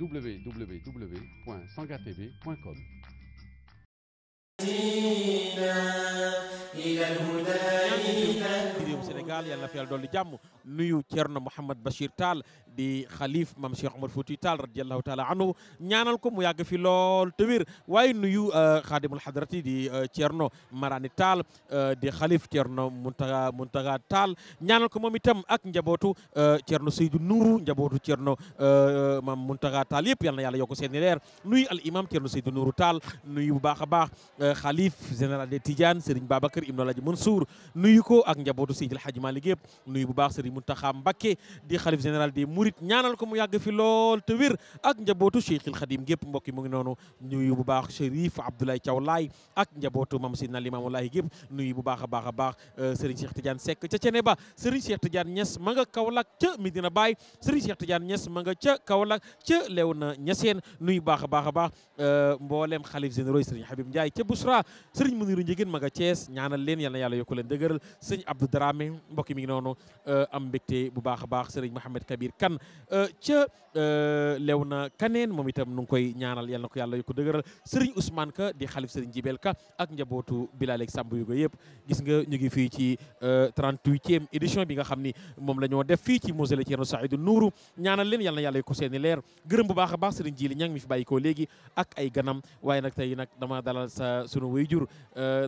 www.sangatv.com إلى الهدى Taal yal na fi yàlla dolli jàmm nuyu Thierno Mouhamed Bachir Taal di xalif mam Cheikh Omar Fouti Taal radiallahu taala anhu ñaanal ko mu yàgg fi lool te wér waaye nuyu xaadimul euh, hadrati di euh, Thierno Marani Taal euh, di xalif Thierno Muntaga Muntaga Taal ñaanal ko moom itam ak njabootu Thierno Seydou Nourou njabootu Thierno mam Muntaga Taal yëpp yal na yàlla nuru seeni leer nuyu al imam Thierno Seydou Nourou Taal nuyu bu baax a baax général des Tidianes Serigne Babacar Ibn Alhaji Mansour nuyu ko ak njabootu Seydil Hadji Malick yëpp nuyu bu baax Serigne Mountakha Mbacké di xalif général des Mourides ñaanal ko mu yàgg fi lool te wér ak njabootu Cheikhil Khadim gépp mbokki mu ngi noonu nuyu bu baax Chérif Abdoulaye Thiaw Laye ak njabootu Mame Sidna Limamou Laye yëpp nuyu bu baax a baax a baax euh, Serigne Cheikh Tidiane Seck ca Ceneba Serigne Cheikh Tidiane Niass ma nga Kaolack ca Medina Baye Serigne Cheikh Tidiane ma nga ca Kaolack ca Léona Niassène nuyu baax a baax a baax euh, mboolem xalif généraux Serigne Habib Ndiaye ca Bousra Serigne Mounirou Ndiéguène ma nga Thiès ñaanal leen yal na yàlla yokku leen dëgëral sëñ Abdou Dramé mbokk mi ngi noonu euh, am mbégte bu baax a baax sëriñ Mouhamed Kabir kan euh, ca euh, lew na kaneen moom itam nu ngi koy ñaanal yalna ko yàlla yu ko dëgëral sëriñ Ousmane Ka di xalif sëriñ Jibel Ka ak njabootu bilaaleeg sàmb yu ko yëpp gis nga ñu ngi fii ci 38e édition bi nga xam ni moom la ñoo def fii ci mosele Thierno Saïdou Nourou ñaanal leen yal na yàlla yu ko seeni leer gërëm bu baax a baax sëriñ Jili ñangi mi fi bàyyi koo léegi ak ay ganam waaye nag tey nag dama dalal sa sunu wayjur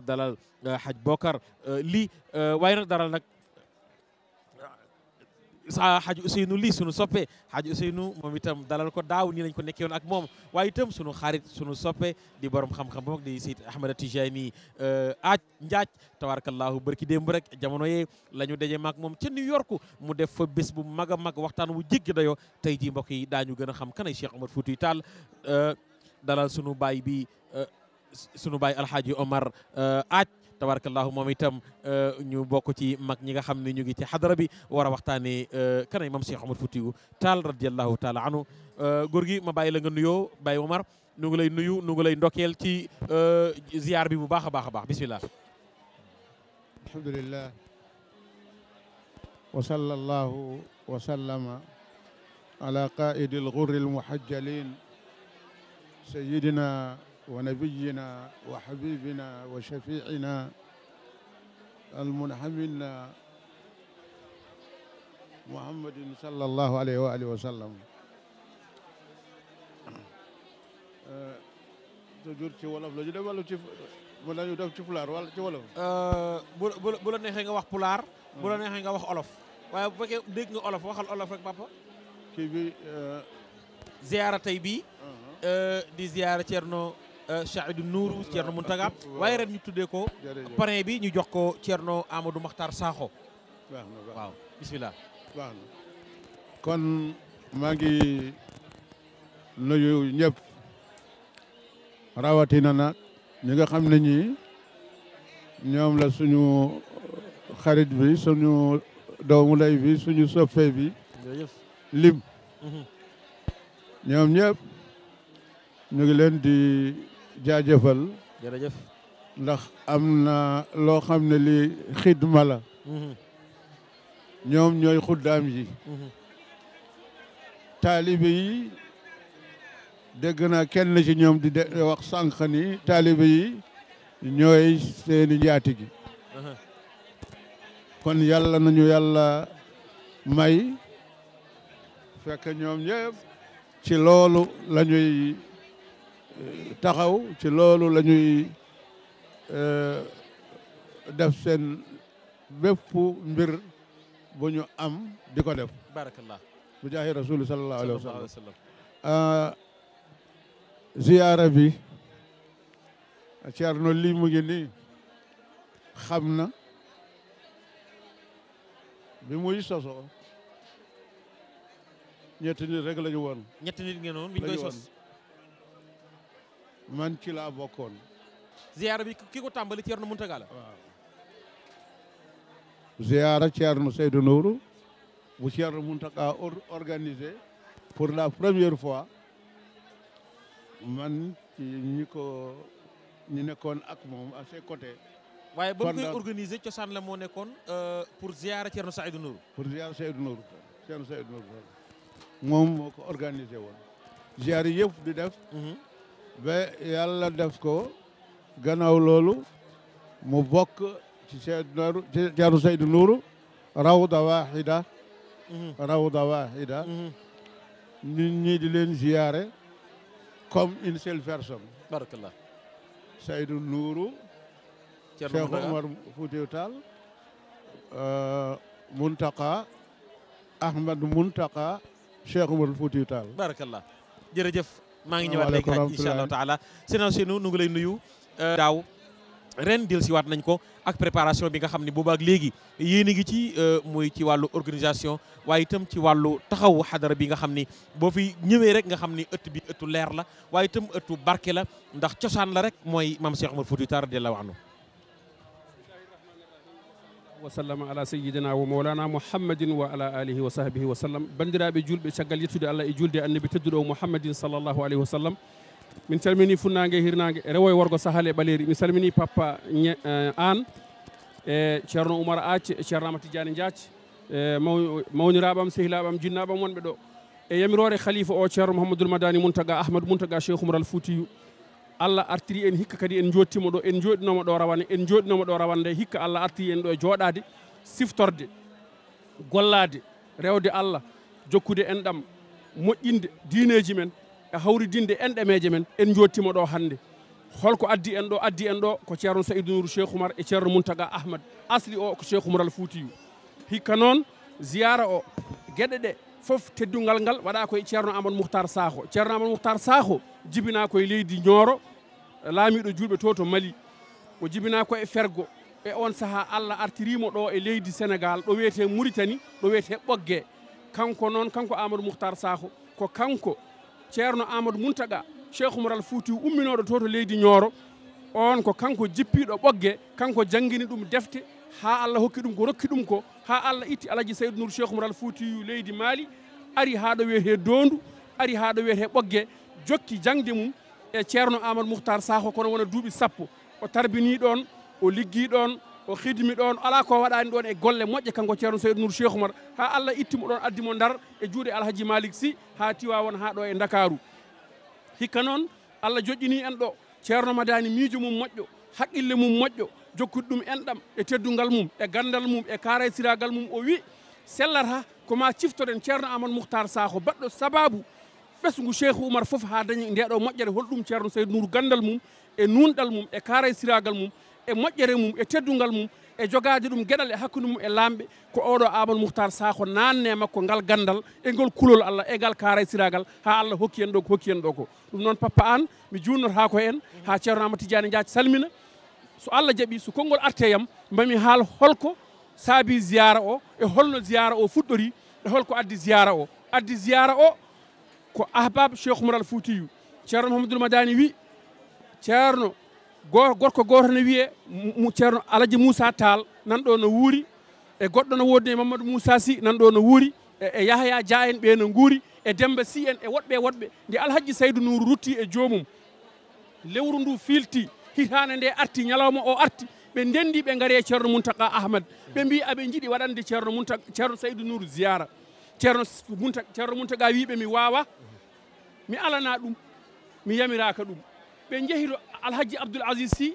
dalal Haj Bokar lii xaaju Ousseynou lii sunu soppe xaaju Ousseynou moom itam dalal ko daaw nii lañ ko nekke woon ak moom waaye itam sunu xarit sunu soppe di borom xam-xam boog di Seyd Ahmed Tijani euh, aaj njaaj tabarakallahu barki démb rek jamono yee lañu ñu daje maak moom ca New York mu def fa bés bu mag a mag waxtaan wu jéggi dayoo tey jii mbokk yi daañu gën xam kanay Cheikh Omar Fouti Tall euh, dalal sunu baay bi euh, sunu baay Alhaji Omar aaj tabarakallahu moom itam euh, ñu bokk ci mag ñi nga xam ne ñu ngi ci xadara bi war a waxtaane euh, kanay mam Cheikh Omar Foutiyou Tall radiallahu taala anhu euh, góor gi ma bàyyi la nga nuyoo Baye Omar nu lay nuyu nu ngi lay ndokkeel ci ziar bi bu baax a baax a baax bismillah alhamdulillah wa sallallahu wa sallama ala qaidi al ghurri al muhajjalin ونبينا وحبيبنا وشفيعنا المنحم لنا محمد صلى الله عليه وآله وسلم toujours ci wolof la ñu def wala ci mën nañu ci pulaar wala ci wolof bu bu la neexee nga wax pulaar bu la neexee nga wax olof waaye bu fekkee nga olof waxal olof rek papa kii bi ziyaara tey bii di ziyaara Cerno Chahidou euh, Nourou Thierno Mountaga waaye ren ñu tuddee ko parrain bi ñu jox ko Thierno Amadou Makhtar Sakho baax na waaw bisimilah kon maa ngi nuyu ñëpp rawatina nag ñi nga xam ne ñi ñoom la suñu xarit bi suñu doomu lay bi suñu soppe bi lim mhm. ñoom ñëpp ñu ngi leen di jaajëfal. jërëjëf. ndax am na loo xam ne lii xidma la. Mhm. ñoom ñooy xuddaam yi. Mhm. taalibe yi dégg naa kenn ci ñoom di de wax sànq ni taalibe yi ñooy seeni njaati gi. Mhm. kon yàlla nañu yàlla may fekk ñoom ñëpp ci loolu lañuy taxaw ci loolu la ñuy euh, def seen bépp mbir bu ñu am di ko def barakallah bu jaahi rasul sallallahu alayhi wa sallam euh, ziyaara bi Ceerno lii mu ngi nii xam na bi muy sosoo ñetti rek la ñu woon ñetti ngeen woon bi ñu koy sos man ci laa bokkoon. ziyaara bi ki ko tàmbali Thierno Mountaga la. waaw ziyaara Thierno Seydou Nourou bu Thierno Mountaga organisé pour la première fois man ci ñi ko ñu nekkoon ak moom ase ses waaye ba mu koy organisé cosaan la moo nekkoon euh, pour ziyaara Thierno Seydou Nourou. pour ziyaara Seydou Nourou Thierno Seydou moom moo ko organisé woon ziyaara yëpp di def. Mhm. ba yàlla def ko gannaaw loolu mu bokk ci Seydou Ceerno Seydou Nourou rawda wahida mhm. rawda wahida mhm. nit ñi di leen ziyaare comme une seule personne barakallah Seydou Nourou Cheikh Omar Foutiyou Tall Muntaka Ahmad Muntaka Cheikh Omar Foutiyou Tall maa ngi ñëwaat léegi nag incha allahu taala sénan chez nous nu ngi lay nuyu euh, daaw ren del si waat nañ ko ak préparation bi nga xam ne boobaak léegi yéen a ngi ci euh, muy ci wàllu organisation waaye itam ci wàllu taxaw xadara bi nga xam ni boo fi ñëwee rek nga xam ni ëtt bi ëttu leer la waaye itam ëttu barke la ndax cosaan la rek mooy maam Cheikh Omar Fouti Tall radiyallahu anhu wa sallama ala sayyidina wa mawlana muhammadin wa ala alihi wa sahbihi wa sallam bandiraɓe caggal yettude allah e julde annabi tedduɗo o mouhammadin alayhi wa min calmini funnague e hirnague rewo e e ɓaleri mi salmini papa eh, an e ceerno oumar acce e ceernama tidiani diathie e mawniraɓam sehilaɓam jinnaɓam wonɓe ɗo e yamirore khalifa o ceerno mouhamadoul madani mountaga ahmadou mountaga cheikh oumar al allah artiri en hikka kadi en jottimo ɗo en joɗinoma ɗo rawane en joɗinoma ɗo rawande hikka allah artiri en ɗo e joɗade siftorde gollade rewde allah jokkude enɗam moƴƴinde diineji men e hawridinde enɗemeje men en jottimo ɗo hannde holko addi en ɗo addi en ɗo ko ceerno saydou nour cheikh e ceerno mountaga ahmad asli o ko cheikh oumar al hikka noon ziyara o gueɗe ɗe fof teddungal ngal waɗa koye ceerno ceerno amadou mouhtar laamiiɗo julɓe to to mali o jibinako e fergo e on saaha allah artirimo ɗo e leydi sénégal ɗo wiyete mauritani ɗo wiyete ɓoggue kanko noon kanko amadou mouhtar sakho ko kanko ceerno amadou mountaga cheikh oumaral fouti umminoɗo to leydi ñooro on ko kanko jippiɗo ɓoggue kanko jangguini ɗum defte ha allah hokki ɗum ko rokki ɗum ko ha allah itti alaji saydou nour cheikh leydi maali ari ha ɗo wiyete dondu ari ha ɗo wiyete e ceerno amadou mouhtar sakho kono wona duuɓi sappo o tarbini ɗon o liggii ɗon o hidmi ɗon ala ko waɗani ɗon e golle moƴƴe kanko ceerno seydou nour cheikh oumar ha allah ittimo ɗon addi mo ndar e juuɗe alhaji malik sy ha tiwawon ha ɗo e dakaru hikka noon allah joƴƴini en ɗo ceerno madani miijo mum moƴƴo haqqille mum moƴƴo jokkude ɗum enɗam e teddungal mum e gandal mum e kaara mum o wi sellata koma ciftoɗen ceerno amadou ɓesgu cheikhu oumar fof ha dañi ndeɗo moƴƴere holɗum ceerno seydou nouru gandal mum e nunɗal mum e kaara mum e moƴƴere mum e teddugal mum e jogaade ɗum geɗal e hakkude mum e laamɓe ko oɗo amadou mouhtar sako nanne makko ngal gandal e ngol kulol allah e ngal kaara e allah hokki en ɗo ko ɗum noon papa an mi junnotaa ko en ha ceerno amadou tidiane salmina so allah jaaɓi so konngol arte yam mbami haal holko saabi o e o fuɗɗori e ko ahbab cheikh oumar al foutiyu ceerno mahamadul madani wi ceerno go gorko goto ne wiye ceerno alaji moussa tall nan ɗo no wuuri e goɗɗo no wodni e mamadou moussa sy nan ɗo no wuuri e, e yahaya dia en ɓe no guuri e demba sy en e woɗɓe woɗɓe nde alhaji saydou nouru rutti e joomum lewru ndu filti hitande nde arti ñalawma o arti ɓe ndendi ɓe gaari e ceerno mountaka ahmad ɓe mbi aɓe jiiɗi waɗande ceerno mountaka ceerno saydou nouru ziyara ceerno munta ceerno mountaga wiɓe mi wawa mi alana ɗum mi yamiraka ɗum ɓe jeehiɗo alhaji abdoul asis sy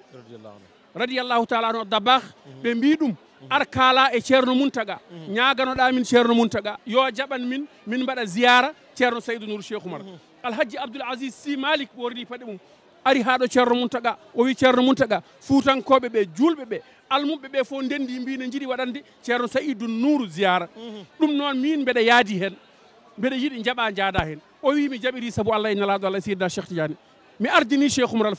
radiallahu taala anu dabah mhm. ɓe mbi ɗum mhm. ar kaala e ceerno muntaga mhm. ñaganoɗa min ceerno muntaga yo jaɓan min min mbaɗa ziyara ceerno saydou nour cheikh oumar alhaji abdoul asis sy malik ɓorni paɗe mum ari haɗo ceerno muntaga o wi ceerno muntaga fuutankoɓe ɓe julɓe ɓe almuɓe ɓe fof ndendi mbi ne jiiɗi waɗande ceerno saydou nour ziyara ɗum noon min mbeɗa mbeɗa yiiɗi jaɓa jaada heen o wi mi jaɓiri sabu allah e nalaaɗo allah seydna cheikh tidiani mi ardini cheikh umar al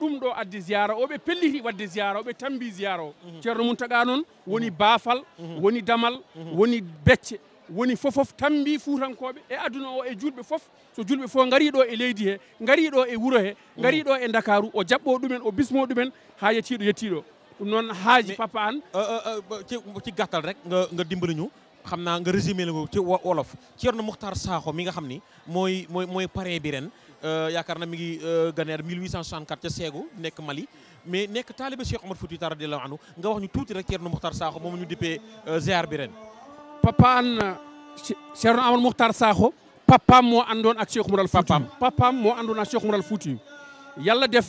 ɗum ɗo addi ziyara o ɓe pelliti wadde ziyara o ɓe tambi ziyara o mhm. ceerno mum taga noon mhm. woni baafal mhm. woni damal woni becce woni fofof tambi fuutankoɓe e aduna o e julɓe fof so julɓe fof gari ɗo e leydi he gari ɗo e wuuro he gari ɗo e dakaru o jaɓɓo ɗumen o bismo ɗumen ha yettiɗo yettiɗo ci gattal rek nga dimbali ñu xam naa nga résumé la ko ci wolof Thierno Mokhtar Sakho mi nga xam ni mooy mooy mooy parrain bi ren euh, yaakaar na mi ngi gane at 1864 ca Ségou nekk Mali mais nekk taaliba Cheikh Omar Fouti Tall radiyallahu anhu nga wax ñu tuuti rek Thierno Mokhtar Sakho moom ñu dippee euh, ziar bi ren papaan Thierno Amar Mokhtar Sakho papaam moo àndoon ak Cheikh Omar al Fouti papaam moo àndoon ak Cheikh Omar al Fouti yàlla def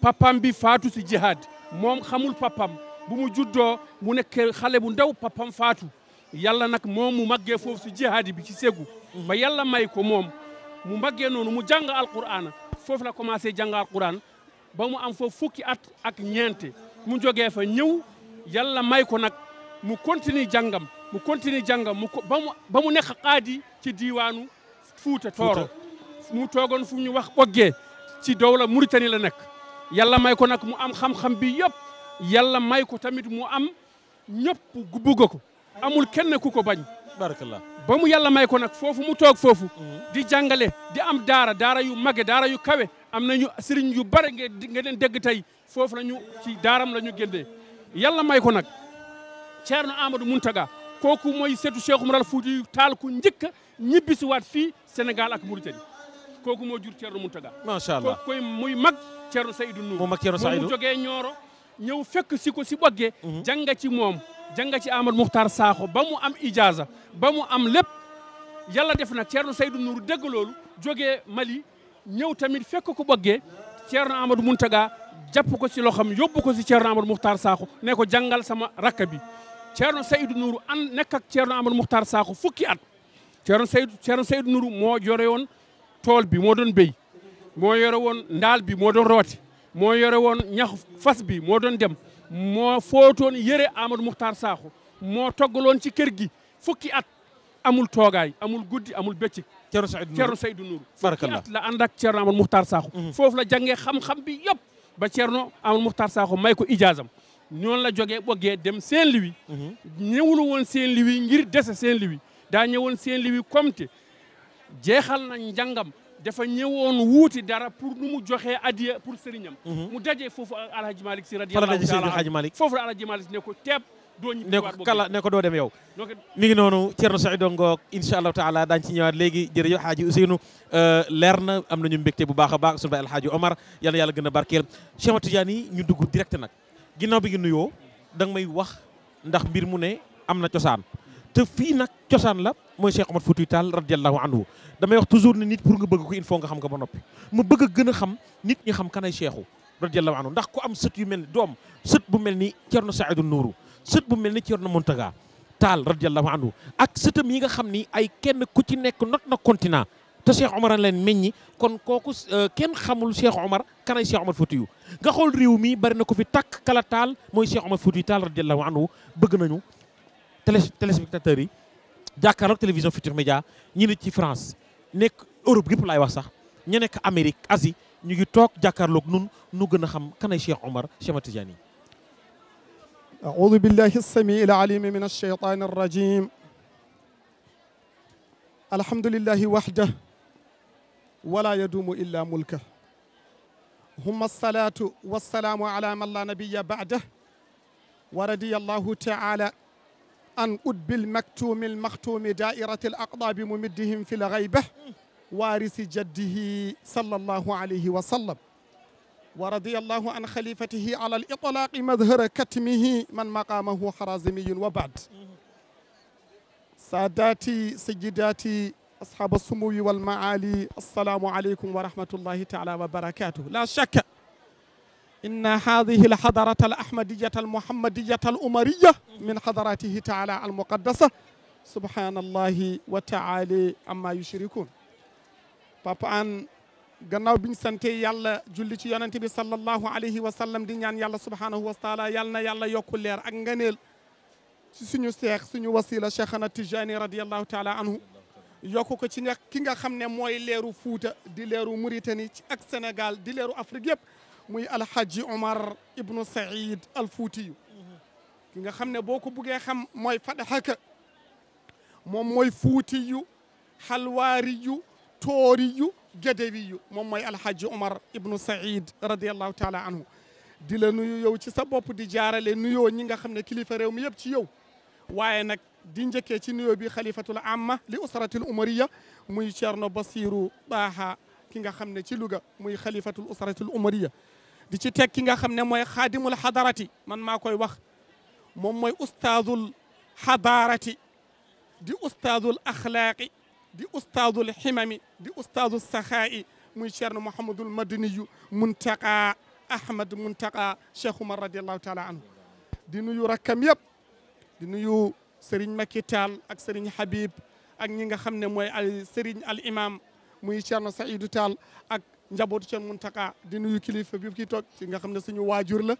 papaam bi faatu si jihaad moom xamul papaam bu mu juddoo mu nekk xale bu ndaw papaam faatu yàlla nag moom mu màggee foofu si jihaadi bi ci ségu ba yàlla may ko moom mu màggee noonu mu jàng alquraan foofu la commencé jàng alquraan ba mu am foof fukki at ak ñeente mu jógee fa ñëw yàlla may ko nag mu continue jàngam mu continue jàngam mu ba mu ba mu nekk xaadi ci diiwaanu Fuuta Tooro mu toogoon fu ñu wax Oggee ci dowla Muritani la nekk yàlla may ko nag mu am xam-xam bi yëpp yàlla may ko tamit mu am ñëpp bugg ko amul kenn ku ko bañ. barakallah ba mu yàlla may ko nag foofu mu toog foofu. Mm-hmm. di jàngale di am daara daara yu mage daara yu kawe am nañu sëriñ yu bare nga leen dégg tey foofu la ñu ci daaram la ñu génnee yàlla may ko nag Ceerno Amadou taga kooku mooy seetu Cheikh Oumar Foutiyou Tall ku njëkk ñibbisi waat fii Sénégal ak Mauritanie kooku moo jur Ceerno Muntaga. macha allah kooku koy muy mag Ceerno Seydou Nour. mu mag Ceerno Seydou mu jógee Nioro ñëw fekk si ko si boggee. Mm-hmm. jàng ci moom. janga ci Amadou Moukhtar saako ba mu am ijaaza ba mu am lépp yàlla def na Thierno Seydou Nourou dégg loolu Mali ñëw tamit fekk ko bëggee Thierno Amadou Muntaga jàpp ko ci loxam yóbbu ko si ci Thierno Amadou Moukhtar saako nee ko jàngal sama rakka bi Thierno Seydou Nourou an nekk ak Thierno Amadou Moukhtar saako fukki at Thierno Seydou Thierno Seydou Nourou moo yore woon tool bi moo doon béy moo yore woon ndaal bi moo doon rooti moo yore woon ñax fas bi moo doon dem moo footoon yëre Amadou muxtaar saako moo toggaloon ci kër gi fukki at amul toogaay amul guddi amul bëccëg. Thierno Seydou Nour Thierno Seydou Nour. fukki at la ànd ak Thierno Amadou saako Sakho. Mhm. foofu la jàngee xam-xam bi yëpp. ba Thierno Amadou Moukhtar Sakho may ko ijaazam ñoonu la jógee boggee dem Saint-Louis. Mhm. ñëwul woon saint ngir dese saint wi daa ñëwoon Saint-Louis komte jeexal na njàngam. dafa ñëwoon wuuti dara pour nu mu joxee adiya pour sëriñam mhm. mu dajee foofu alhaji malik si radiyallahu taala alhaji malik foofu la alhaji malik si ne ko teeb doo ñibbi ne ko kala ne ko doo dem yow mi ngi noonu Thierno Seydou Ngoog incha allahu taala daañu ci ñëwaat léegi jërëjëf Hadji Ousseynou euh, leer na am na ñu mbégte bu baax a baax sunu baay Alhaji Omar yal na yàlla gën a barkeel Cheikh Tidiane yi ñu dugg direct nag ginnaaw bi ngi nuyoo da nga may wax ndax mbir mu ne am na cosaan te fii nag cosaan la mooy Cheikh Omar Foutiyu Tall radiallahu anhu damay wax toujours ne nit pour nga bëgg ko il faut nga xam ko ba noppi ma bëgg a gën a xam nit ñi xam kanay cheikhu radiallahu anhu ndax ku am sët yu mel ni doom sët bu mel ni Cerno Saidu Nuuru sët bu mel ni Cerno Montaga Tall radiallahu anhu ak sëtam yi nga xam ni ay kenn ku ci nekk not na continent te Cheikh Omar a leen meññi kon kooku euh, kenn xamul Cheikh Omar kanay Cheikh Omar Foutiyu nga xool réew mi bari na ko fi takk kala taal mooy Cheikh Omar Foutiyu Tall radiallahu anhu bëgg nañu télé téléspectateurs yi jàkkaarloog télévision Futur Média ñi nekk France nekk Europe yëpp laay wax sax ñu nekk Amérique Asie ñu ngi toog jàkkaarloog nun nu gën a xam kanay Cheikh Omar Cheikh Tidiane yi أعوذ بالله السميع العليم من الشيطان الرجيم الحمد لله وحده ولا يدوم إلا ملكه هم الصلاة والسلام على من لا نبي بعده ورضي الله تعالى an udbi almaktuumi almaktuumi daairati alaqdaa bi mumiddihim fi lgayba waarisi jaddihi salla allahu alayhi wa sallam wa radiya allahu an khalifatihi ala alitlaaqi madhara katmihi man maqaamahu harazimiyun wa baad saadaati sajidaati ashaaba sumuwi walmaali assalaamu aleykum wa rahmatullahi taala wa barakatuh la shakka inna hadihi alhadarat alahmadiyata almuhammadiyata alumariya min hadaratihi taala almuqaddasa subhanallahi wa taala amma yushrikun papa an gannaaw biñ sante yàlla julli ci yonente bi sallallahu alayhi wa sallam di ñaan yàlla subhanahu wa taala yal na yàlla yokku leer ak nganeel ci suñu seex suñu wasila cheikhana tijani radiallahu taala anhu yokku ko ci nga ki nga xam ne mooy leeru fuuta di leeru Mauritanie ci ak Sénégal di leeru Afrique yëpp muy alxaaji omar ibnu saïd alfuutiyu ki nga xam ne boo ko buggee xam mooy fadaxaka moom mooy fuutiyu xalwaariyu tooriyu gédewiyu moom mooy alxaaji omar ibnu saïd radiallahu taala anhu di la nuyu yow ci sa bopp di jaarale nuyoo ñi nga xam ne kilifa réew mi yëpp ci yow waaye nag di njëkkee ci nuyoo bi xalifatul amma li usratil umariya muy Cerno Basiru Baaxa ki nga xam ne ci Louga muy xalifatul usratil umariya di ci tekki nga xam ne mooy xaadimul xadarati man maa koy wax moom mooy ustaadul xadarati di ustaadul axlaaqi di ustaadul ximami di ustaadul saxaa'i muy Ceerno Mouhamadul Madaniyu Muntaqa Ahmad Muntaqa Cheikh Umar radiallahu taala anhu di nuyu rakkam yëpp di nuyu Serigne Makki ak Serigne Habib ak ñi nga xam ne mooy ay Serigne muy Ceerno Saïdou Taal ak njabootu seen Mountakha di nuyu kilifa bi ki toog ci nga xam ne suñu waajur la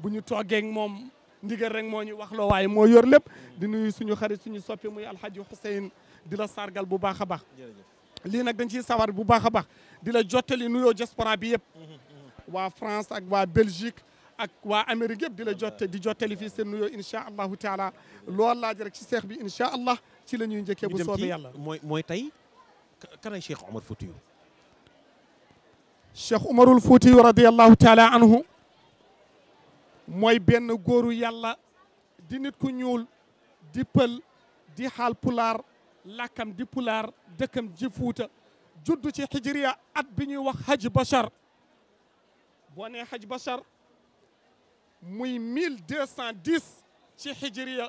bu ñu toogee moom ndigal rek moo ñu wax loo waaye moo yor lépp di nuyu suñu xarit suñu soppi muy alxaji Hussein di la sargal bu baax a baax lii nag dañ ciy sawar bu baax a baax di la jottali nuyoo diaspora bi yëpp mhm, mhm. waa France ak waa Belgique ak waa Amérique yëpp di la jotte di jottali fii seen nuyoo incha allahu taala loolu laaj rek ci seex bi incha allah ci la ñuy njëkkee bu soobee yàlla mooy mooy tey kanay Cheikh Omar cheikh umarul fuuti radiallahu taala anhu mooy benn góoru yàlla di nit ku ñuul di pël di xaal pulaar làkkam di pulaar dëkkam ji fuuta juddu ci hijriya at bi ñuy wax haj bachar boo nee haj bachar muy mille deux cent dix ci hijriya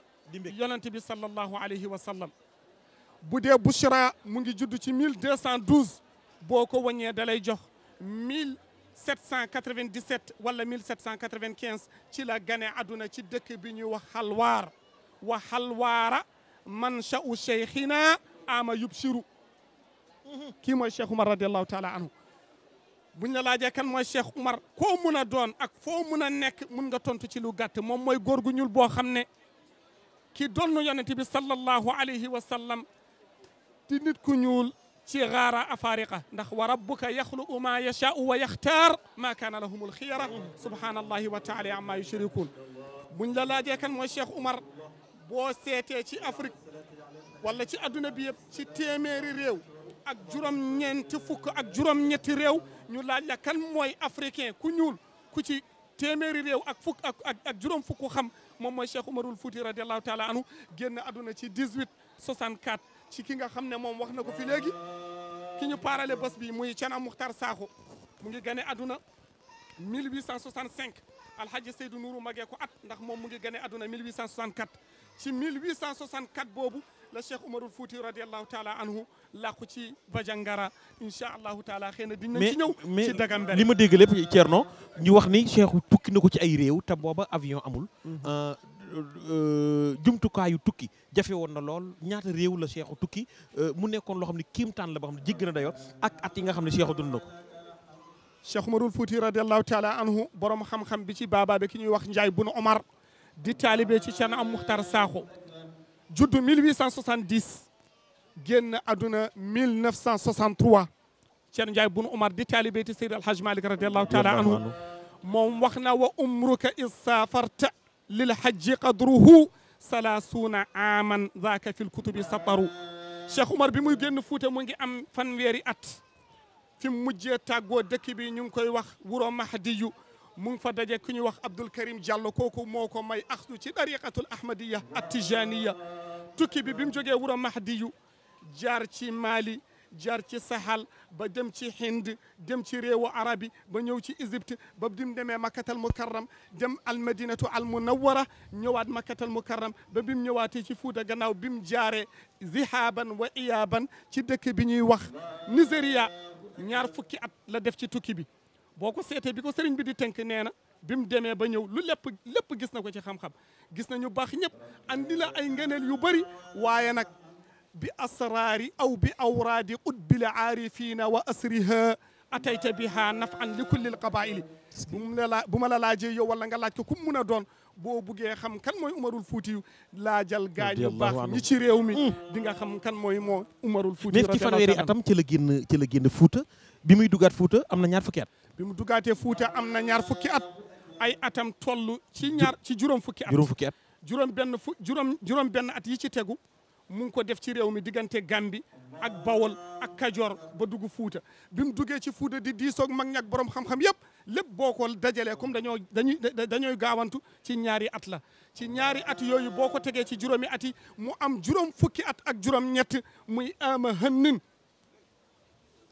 yonent bi sallallahu alayhi wa sallam bu dee bushra mu ngi judd ci mille deux boo ko wàññee dalay jox 1797 wala 1795 ci la gane àdduna ci dëkk bi ñuy wax xalwaar wa xalwaara mansha'u cheikhina ama yubshiru kii mooy cheikh Umar radiallahu taala anhu buñ la laajee kan mooy cheikh Umar koo mun a doon ak foo mun a nekk mun nga tontu ci lu gàtt moom mooy góor gu ñuul boo xam ne ki doon nu yonent bi sallallahu alayhi wa sallam di nit ku ñuul ci gaara afariqa ndax wa rabbuka yaxluqu ma yashaau wa yaxtaar ma kaana lahumul xiyara subhanallahi wa taala amma yushrikun buñ la laajee kan mooy Cheikh Oumar boo seetee ci Afrique wala ci adduna bi yëpp ci téeméeri réew ak juróom-ñeenti fukk ak juróom-ñetti réew ñu laaj la kan mooy ku ñuul ku ci téeméeri réew ak fukk ak ak juróom fukk xam moom mooy Cheikh Oumarul Fouti radiallahu taala anhu génn adduna ci 18 64 ci ki nga xam ne moom wax na ko fi léegi ki ñu paarale bés bi muy Cana Muxtar Sakho mu ngi gane aduna 1865 alhaji Seydou Nourou magee ko at ndax moom mu ngi gane aduna 1864 ci 1864 boobu la Cheikh Umarul Fouti radiallahu taala anhu làqu ci Bajangara incha allahu taala xëy na dinañ ci ñëw ci Dagambere li ma dégg lépp Thierno ñu wax ni Cheikh tukki na ko ci ay réew te booba avion amul mhm. euh, jumtukaayu tukki jafe woon na lool ñaata réew la seexu tukki mu nekkoon loo xam ne kiimtaan la boo xam ne jéggi na ak at xam ne seexu dund na ko. Cheikh Umarul Fouti radiallahu taala anhu borom xam-xam bi ci baabaa bi ki ñuy wax Njaay bunu Omar di taalibe ci Cerno am Muxtar Saaxo juddu 1870 génn àdduna 1963 Cerno Njaay bunu Omar di taalibe ci Seydi Alhaj Malik radiallahu taala anhu moom wax na wa umruka is safarta lil hajji qadruhu salaasuuna aaman zaaka fil kutubi saparu Cheikh Umar bi muy génn fuute mu ngi am fanweeri at fi mu mujjee tàggoo dëkk bi ñu ngi koy wax wuro Mahdiyu mu fa daje ku ñuy wax Abdul Karim Diallo kooku moo ko may axtu ci tariqatul ahmadiya at tijaniya tukki bi bi mu jógee wuro Mahdiyu jaar ci Mali jaar ci Sahal ba dem ci Hind dem ci réewu arab yi ba ñëw ci Égypte ba bi mu demee Makkatal Mukarram dem almadinatu almunawwara ñëwaat Makkatal Mukarram ba bi mu ñëwaatee ci Fuuta gannaaw bi mu jaaree zihaaban wa iyaaban ci dëkk bi ñuy wax Nigeria ñaar fukki at la def ci tukki bi boo ko seetee bi ko sëriñ bi di tënk nee na bi mu demee ba ñëw lu lépp lépp gis na ko ci xam-xam gis nañu baax ñëpp andi la ay ngëneel yu bëri waaye nag bi asraari aw bi awraadi qutbil aarifiina wa asriha atayta biha nafan li kulli alqabaili bu la laa bu ma la laajee yow wala nga laaj ko ku mun a doon boo buggee xam kan mooy umarul fuuti yu laajal gaañu baax ñi ci réew mi mm. di nga xam kan mooy moo umarul fuuti mais ci fanweeri atam ci la génn ci la génn fuuta bi muy dugaat fuuta am na ñaar fukki bi mu dugaatee fuuta am na ñaar fukki at ay atam toll ci ñaar ci juróom fukki at juróom fukki at juróom at yi ci tegu mu ngi ko def ci réew mi diggante Gambi ak Bawol ak Kajoor ba dugg Fuuta bi mu duggee ci Fuuta di diisoog mag ñak borom xam-xam yëpp lépp boo ko dajalee comme dañoo dañuy dañooy gaawantu ci ñaari at la ci ñaari at yooyu boo ko tegee ci juróomi at yi mu am juróom fukki at ak juróom ñett muy ama hënnin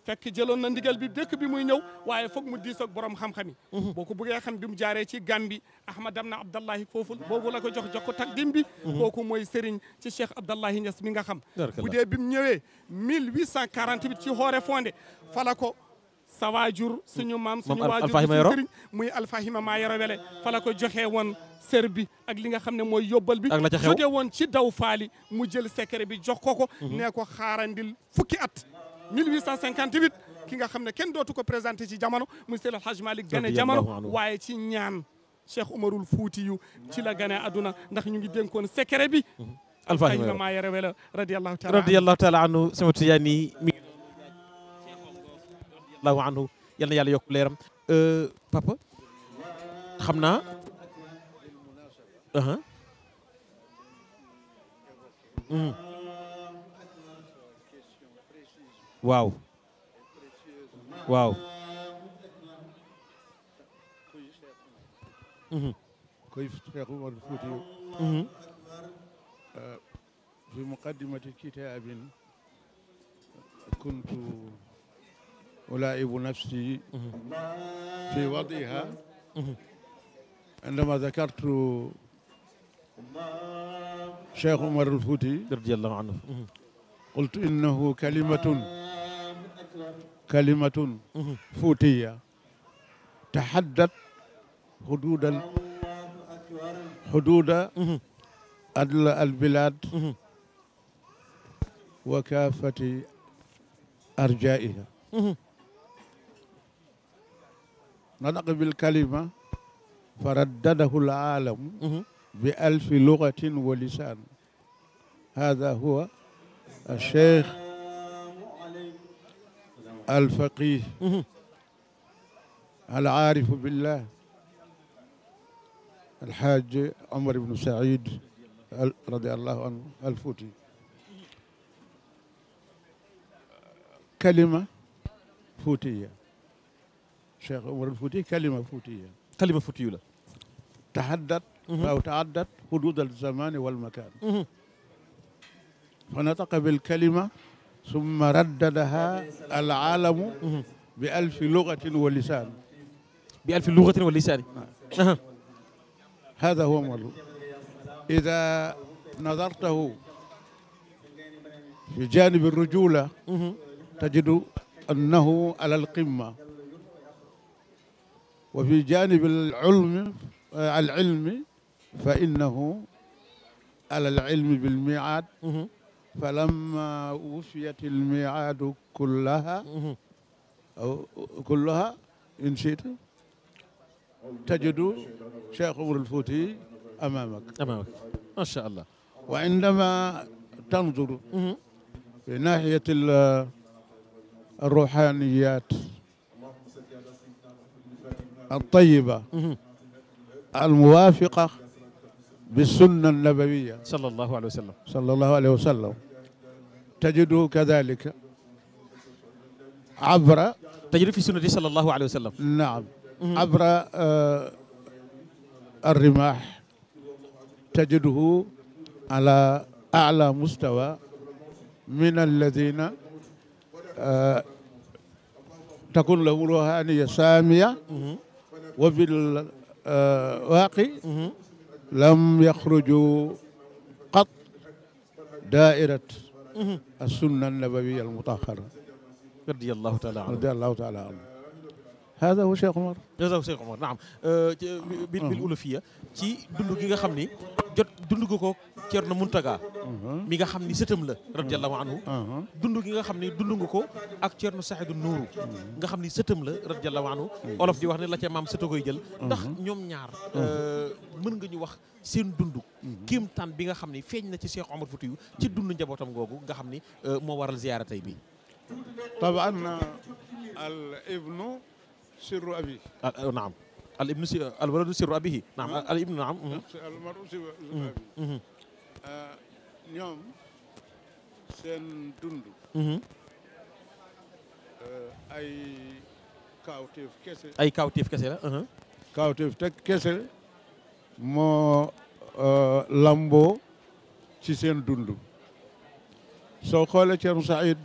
fekk jëloon na ndigal bi dëkk bi muy ñëw waaye foog mu diis ak borom xam-xam mhm. boo ko bëggee xam bi mu jaaree ci Gambi Ahmad am na Abdallahi foofu boobu la ko jox jox ko takdim bi mhm. kooku mooy sëriñ ci Cheikh Abdallahi Niass mi nga xam bu dee bi mu ñëwee 1848 ci Hoore Fonde fala ko sa waajur suñu mhm. maam suñu waajur suñu sëriñ muy alfahima maa yoro wele fala ko joxe woon ser bi ak li nga xam ne mooy yóbbal bi jóge woon ci daw faali mu jël secret bi jox ko ko nee ko xaarandil fukki at 1858 ki nga xam ne kenn dootu ko présenté ci jamono muy Seydil Hadj Malick gane jamono waaye ci ñaan Cheikh Oumarul Fouti yu ci la gane aduna ndax ñu ngi dénkoon secret bi alfahima ay la maa yore wala radiyallahu taala radiyallahu taala anhu sama tijaan yi mi allahu anhu yal na yàlla yokk leeram euh, papa xam naa aha uh-huh. hmm. Wow. Wow. كيف شيخ عمر الفوتي في مقدمة كتاب كنت ألاعب نفسي في وضعها عندما ذكرت شيخ عمر الفوتي رضي الله عنه qultu innahu kalimatun kalimatun fuutiya tahaddat hududa hududa albilad wa kaafati arjaiha نطق بالكلمة فردده العالم بألف لغة ولسان هذا هو الشيخ الفقيه العارف بالله الحاج عمر بن سعيد رضي الله عنه الفوتي كلمة فوتية الشيخ عمر الفوتي كلمة فوتية كلمة فوتية تحدت أو تعدت حدود الزمان والمكان fa nataqa bilkalima summa raddadaha alaalamu bi alfi lugatin wa lisaan bi alfi lugatin wa lisaan hada huwa mawlud ida nadartahu fi janibi rujula tajidu annahu ala alqimma wa fi janibi alulmi alilmi fa innahu ala alilmi bilmiaad فلما وفيت الميعاد كلها أو كلها إن شئت تجد شيخ عمر الفوتي أمامك أمامك ما شاء الله وعندما تنظر في ناحية الروحانيات الطيبة الموافقة بالسنة النبوية صلى الله عليه وسلم صلى الله عليه وسلم tajidu kadalika abra tajidu fi sunnati sallallahu alayhi wa sallam naam abra الرماح تجده على أعلى مستوى من الذين تكون له روحانية سامية وفي الواقع لم يخرجوا قط دائرة السنة النبوية المطهرة رضي الله تعالى عنه رضي الله تعالى عنه هذا هو شيخ عمر هذا هو شيخ عمر نعم بالألوفية ci dund gi nga xam ni jot dund ko ko Thierno Mountaga mhm. mi nga xam ni sëtam la radiallahu anhu mhm. dund gi nga xam ni dund nga ko ak Thierno Saxidu Nuuru mhm. nga xam ni sëtam la radiallahu anhu olof di wax ne la ca maam sëta koy jël ndax ñoom ñaar euh, mën nga ñu wax seen dund kéemtaan bi nga xam ni feeñ na ci Cheikh Omar Foutiyou ci dund njabootam googu nga xam ni euh, moo waral ziyaara tey bi taban al ibnu sirru abi ah, euh, al ibnu si al waladu sirru abihi naam al ibnu naam mm-hmm. Mm-hmm. Uh, ñoom seen dund mm-hmm. uh, ay kaawteef kese ay kaawteef kese uh-huh. teg kese moo uh, lamboo ci seen dund soo xoolee Thierno Saïd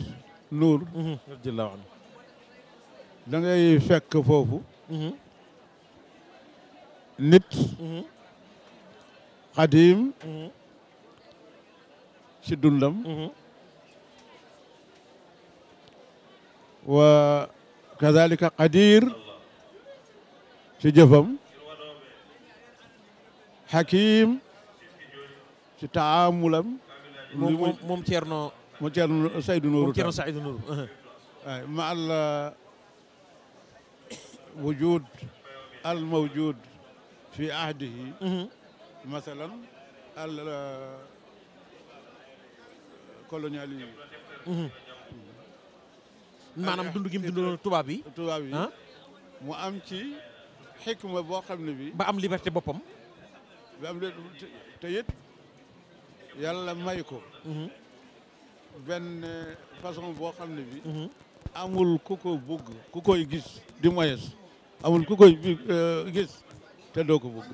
Nour radiyallahu fekk foofu nit mhm. xadim mhm. ci dundam mhm. wa kazalika qadir ci jëfam hakim ci taamulam moom moom Thierno moom Thierno Seydou Nourou moom Thierno Seydou Nourou uh-huh. ma al wujud al mawjud في عهده مثلا الكولونيالي maanaam dund gi mu dundoon tubaab yi tubaab ah. mu am ci xikma boo xam ne bi ba am liberté boppam ba am liberté te it yàlla may ko mhm. benn façon boo xam ne bi mhm. amul ku ko bëgg ku koy gis di moyes amul ku koy euh, gis te doo ko bëgg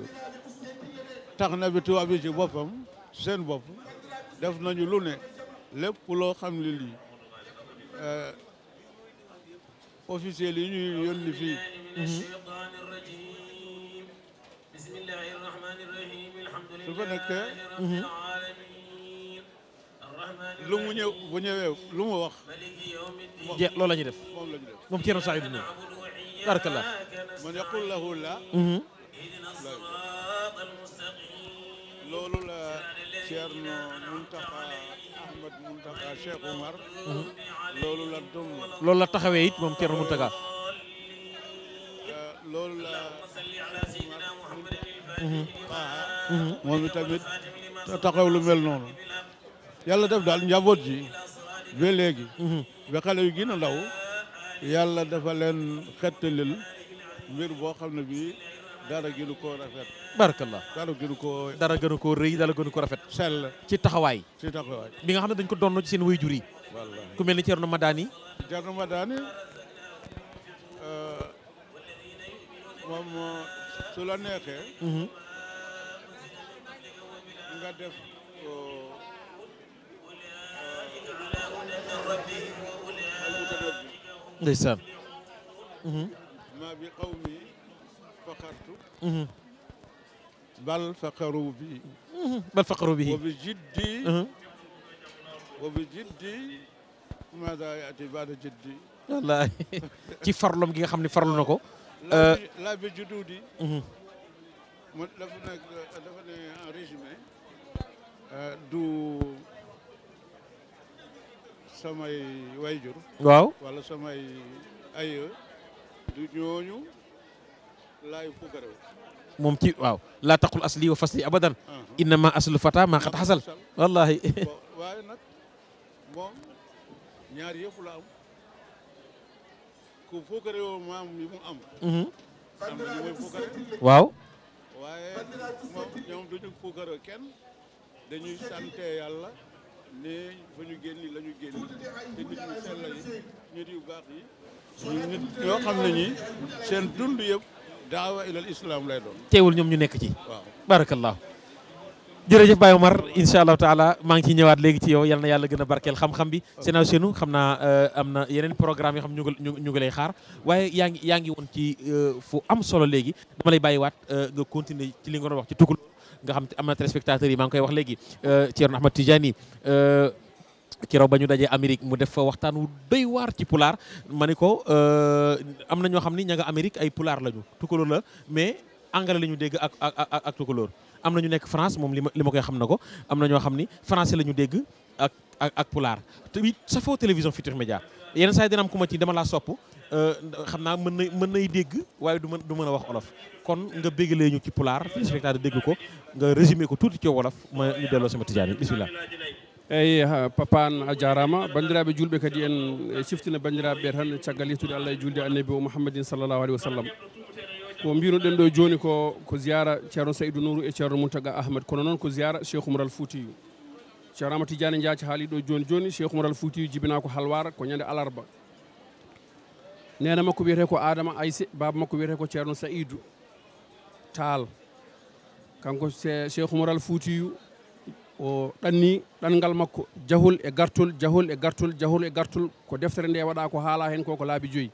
tax na bi tubaab yi ci boppam seen bopp def nañu lu ne lépp loo xam ne lii euh, officiel yi ñuy yónni fii su fa nekkee lu mu ñëw bu ñëwee lu mu wax jeex loolu la ñuy def moom Thierno Saïdou noonu barakallah man yaqul lahu la mhm. loolu la Thierno Mountakha Ahmed Mountakha Cheikh Oumar. loolu la dong. loolu la taxawee it moom Thierno Mountakha. Euh, loolu la mhm. moom itamit taxaw lu mel noonu. yàlla def daal njaboot ji ba léegi. Mhm. ba xale yu gën a ndaw. yàlla dafa leen xettalil mbir boo xam ne bii. dara gënu koo rafet. barakallah dara gënu koo. dara gënu koo rëy dara gënu ko rafet. sell ci taxawaay. bi nga xam ne dañ ko doon ci seen waajur yi. ku mel ni Thierno Madani. Thierno Madani euh, moom su la neexee. Mhm. nga def. Euh, ndeysaan. Mhm. bi xaw فخرت بل فخروا بي بل فخروا به وبجدي وبجدي ماذا يأتي بعد جدي wallaay ci farlom gi nga xam ne farlu na ko laa bi euh, juduudi mhm. mu dafa nekk dafa ne en résumé euh, du samay wayjur waaw wala samay ay du ñooñu moom ci waaw laa taqul asli wa fasli abadan uh-huh. innama aslu fata maa xat xasal wallahi waaye nag moom ñaar yëpp la am ku fokkare maam yi mu am mm-hmm. am na waaw waaye ñoom duñu fokkare kenn dañuy sante yàlla ne fa ñu génni la génni te nit ñu sell yi nit yu baax yi ñu nit ñoo xam ne ñi seen dund yëpp daawa ilal islam teewul ñoom ñu nekk ci. waaw barakallah. jërëjëf Baye Omar incha allahu taala maa ngi ciy ñëwaat léegi ci yow yal yàlla gën a barkeel xam-xam bi. Sénégal seenu xam naa euh, am na yeneen programme yoo xam ñu ñu ngi lay xaar waaye yaa ngi yaa ngi woon ci euh, fu am solo léegi dama lay bàyyiwaat euh, nga continuer ci li nga doon wax ci tukul nga xam am na téléspectateurs yi maa ngi koy wax léegi Thierno Ahmed Tidiane keroog ba ñu dajee Amérique mu def fa waxtaan wu doy waar ci pulaar ma ne ko euh, am na ñoo xam ni ña nga Amérique ay pulaar lañu tukulóor la mais anglais la ñu dégg ak ak ak am na ñu nekk France moom li ma li ma koy xam na ko am na ñoo xam ni français la ñu dégg ak ak ak pulaar te it sa télévision Futurs Médias yenn saa yi dina ku ma ci dama laa sopp euh, xam naa mën na mën nay dégg waaye du mën du mën a wax olof kon nga béggalee ñu ci pulaar spectateur dégg ko nga résumé ko tuuti ci wolof ma ñu delloo sama tijaani bismillah eyyi papa an a jarama bandiraɓe julɓe kadi en ciftina e bandiraɓe ɓe tan caggal yettude allah e julde annabi o mouhammadin sallllahu alih wa sallam ko mbinoɗen ɗo joni ko ko ziyara ceerno saydou nourou e ceerno moutaga ahmad kono noon ko ziyara cheikh oumaral foutiyou ceerno amati diane jaaci haali ɗo ko halwara ko ñande alarba nena makko wiyete ko adama aysé baba makko wiyete ko ceerno saydou taal kanko cheikh oumaral foutiyou o ɗanni ɗanngal makko jahol e gartol jahol e gartol jahol e gartol ko deftere nde waɗa ko haala hen ko ko laabi joyyi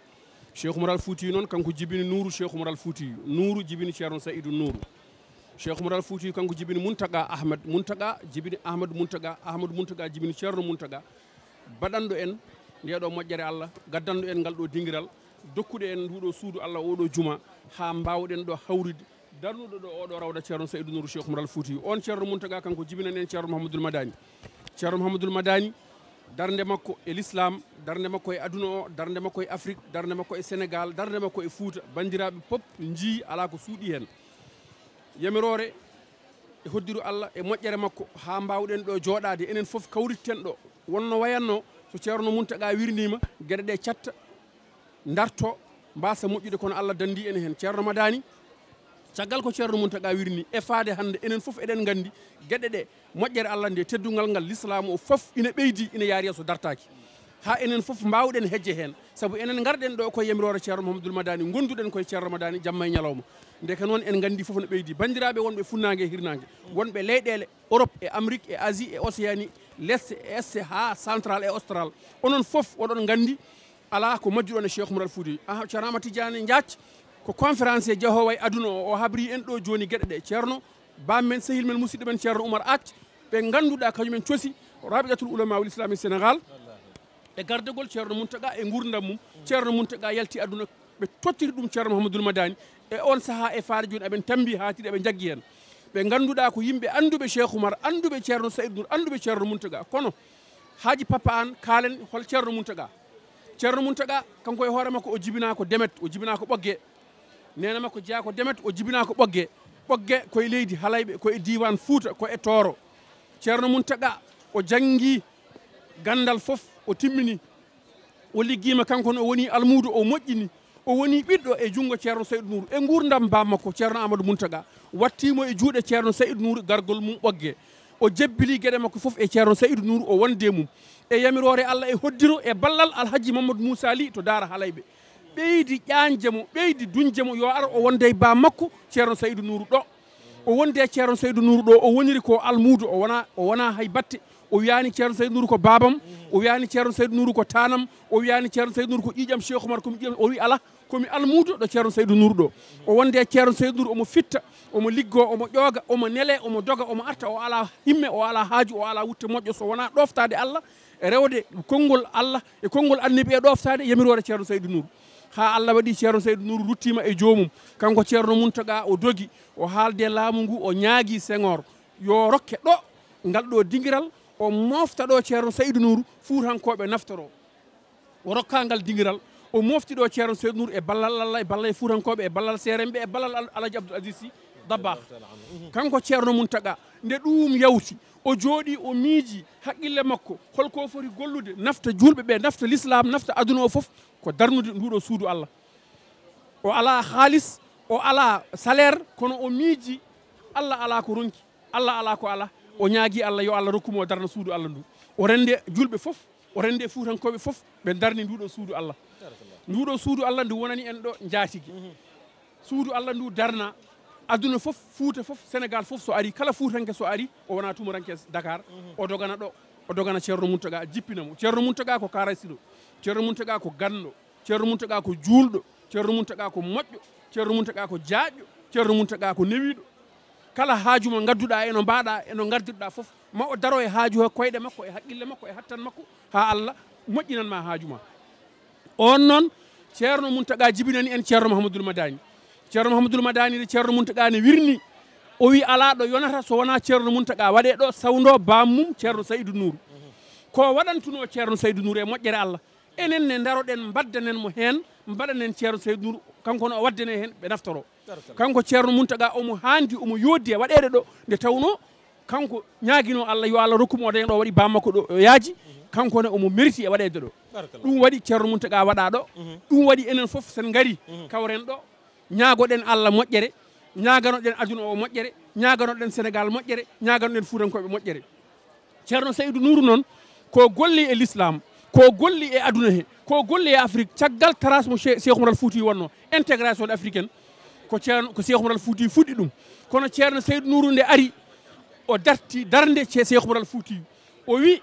cheikh oumaral fouti noon kanko jibini nuuru cheikh oumaral fouti nuuru jibini ceerno saydou nuuru cheikh oumaral fouti kanko jibini mountaga ahmed mountaga jibini ahmadou mountaga ahmadou mountaga jibini ceerno mountaga baɗanɗo en ndeɗo moƴƴere allah gaddanɗo en ngal ɗo dingiral dokkuɗo en nduɗo suudu allah oɗo juma ha mbawɗen ɗo darnuɗo ɗo oɗo rawda ceerno saydou nouru cheikh moural fouti on ceerno muntaga kanko jibinani en ceerno mahamadoul madani ceerno mahamadoul madani darde makko e l'islam darde makko e aduna o darde makko e afrique darde makko e sénégal darde makko e fouta bandiraɓe pop jii ala ko suuɗi hen yamirore e hoddiru allah e moƴƴere makko ha mbawɗen ɗo jooɗade enen foof kawritten ɗo wonno wayanno so ceerno muntaga wirnima gueɗe ɗe catta darto caggal ko ceerno mountaga wirini e faade hannde enen fof eɗen nganndi geɗe ɗe moƴƴere allah nde teddungal ngal l'islamu o fof ina ɓeydi ina yaari so dartaki ha enen fof mbawɗen hejje hen saabu enen garɗen ɗo koye yamirore ceerno mouhamadoul madani gonduɗen koye ceerno madani jamma e ñalawma ndeke noon en gandi foof no ɓeydi bandiraɓe wonɓe funnague e wonɓe leyɗele europe e amérique e asie e océanie l'est e est e ha central e ko conférencier jahowo e aduna o o habri en ɗo joni gueɗe ɗe ceerno bammen sehil men musidɗo men ceerno oumar acte ɓe ganduɗa kañumen coosi rabiatul oulama ul islami sénégal e gardegol ceerno muntaga e gurdam mum ceerno muntaga yalti aduna ɓe tottiri ɗum ceerno mouhamadoul madani e on saaha e faare joni eɓen tambi ha tiɗi eɓe hen ɓe ganduɗa ko yimɓe anduɓe ceerno saydou nour anduɓe ceerno muntaga kono haaji papa an kaalen e o nena makko jeeya ko o jibina ko ɓogge ɓogge koye leydi halayɓe koye diwan fouta ko e tooro ceerno muntaga o jangi gandal fof o timmini o liggima kanko no o woni almudo o moƴƴini o woni ɓiɗɗo e junngo ceerno saydou nouru e gurdam bammakko ceerno amadou muntaga wattimo e juuɗe ceerno saydou nouru gargol mum ɓogge o jebbili gueɗe makko foof e ceerno saydou nouru o wonde mum e yamirore allah e hoddiro e ballal alhaji mamadou ɓeydi ƴañde mo ɓeydi duñde mo yo ar o wonde e makko ceerno saydou ɗo o wonde e ceerno ko almuudo o wona o wona hay batte o wiyani ko babam o o wiyani ceerno saydou nouru ko ƴiƴam cheikh oumar komi ɗo ceerno saydou ɗo o wonde e ceerno omo fitta omo liggo omo ƴooga omo nele omo doga omo arta o ala himme o ala haaju o ala wutte moƴƴo so wona ɗoftade allah rewde konngol allah e konngol annabi e ɗoftade yamirore ceerno ha allah waɗi ceerno saydou nour ruttima e joomum kanko ceerno muntaga o dogi o haalde laamu ngu o ñaagui senghor yo rokke ɗo ngal ɗo dingiral o mofta ɗo ceerno saydou nour fuutankoɓe o rokka ngal dingiral o mofti ɗo ceerno saydou e ballal allah e ballal e e ballal sérenɓe e ballal alaji abdoul si dabbah kanko ceerno muntaga nde ɗum yawti o jooɗi o miiji haqqille makko holko gollude nafta julɓe ɓe nafta l'islam nafta aduna o fof ko darnude nduɗo suudu allah o ala haalis o ala salaire kono o miiji allah ala ko ronki allah ala ko ala o ñaagui allah yo allah rokkumo darna suudu allah ndu o rende julɓe fof o rende fuutankoɓe fof ɓe darni nduɗo suudu allah ndu wonani en ɗo jaatigi mhm. suudu allah ndu darna aduna fof fuuta fof sénégal fof so ari kala fuutanke so ari o wona tumuranke dakar o dogana ɗo o dogana ceerno muntaga jippina mo ceerno muntaga ko karasiɗo ceerno muntaga ko ganɗo ceerno muntaga ko juulɗo ceerno muntaga ko moƴƴo ceerno muntaga ko jaaƴƴo ceerno muntaga ko newiɗo kala haaju mo eno mbaɗa eno gardirɗa foof ma e haaju he koyɗe makko e haqqille makko e hattan makko ha allah moƴƴinanma ma on noon ceerno muntaga ceerno mahamadou madani de ceerno muntaga ne wirni o wi ala ɗo yonata so wona ceerno muntaga waɗe ɗo sawdo bammum ceerno saydou nouru ko waɗantuno ceerno saydou nouru e moƴƴere allah enen ne daroɗen baddanen mo hen mbaɗanen ceerno saydou nouru kanko no o waddene hen ɓe naftoro kanko ceerno muntaga omo handi omo yoddi e waɗede ɗo nde tawno kanko ñaguino allah yo allah rokkumo daña ɗo waɗi ɗo o yaaji kankone omo e ɗo ɗum waɗi ceerno muntaga waɗa ɗo mhm. ɗum waɗi mhm. ɗo ñaagoɗen allah moƴƴere ñaaganoɗen aduna o moƴƴere ñaaganoɗen sénégal moƴƴere ñaaganoɗen fuurankoɓe moƴƴere ceerno saydou nouru noon ko golli e l'islam ko golli e aduna he ko golli e afrique caggal trace mo cheikh umaral fouti wonno intégration africaine ko ceerno ko cheikh umaral fouti fuɗɗi ɗum kono ceerno saydou nouru nde ari o darti darde cheikh umaral fouti o wi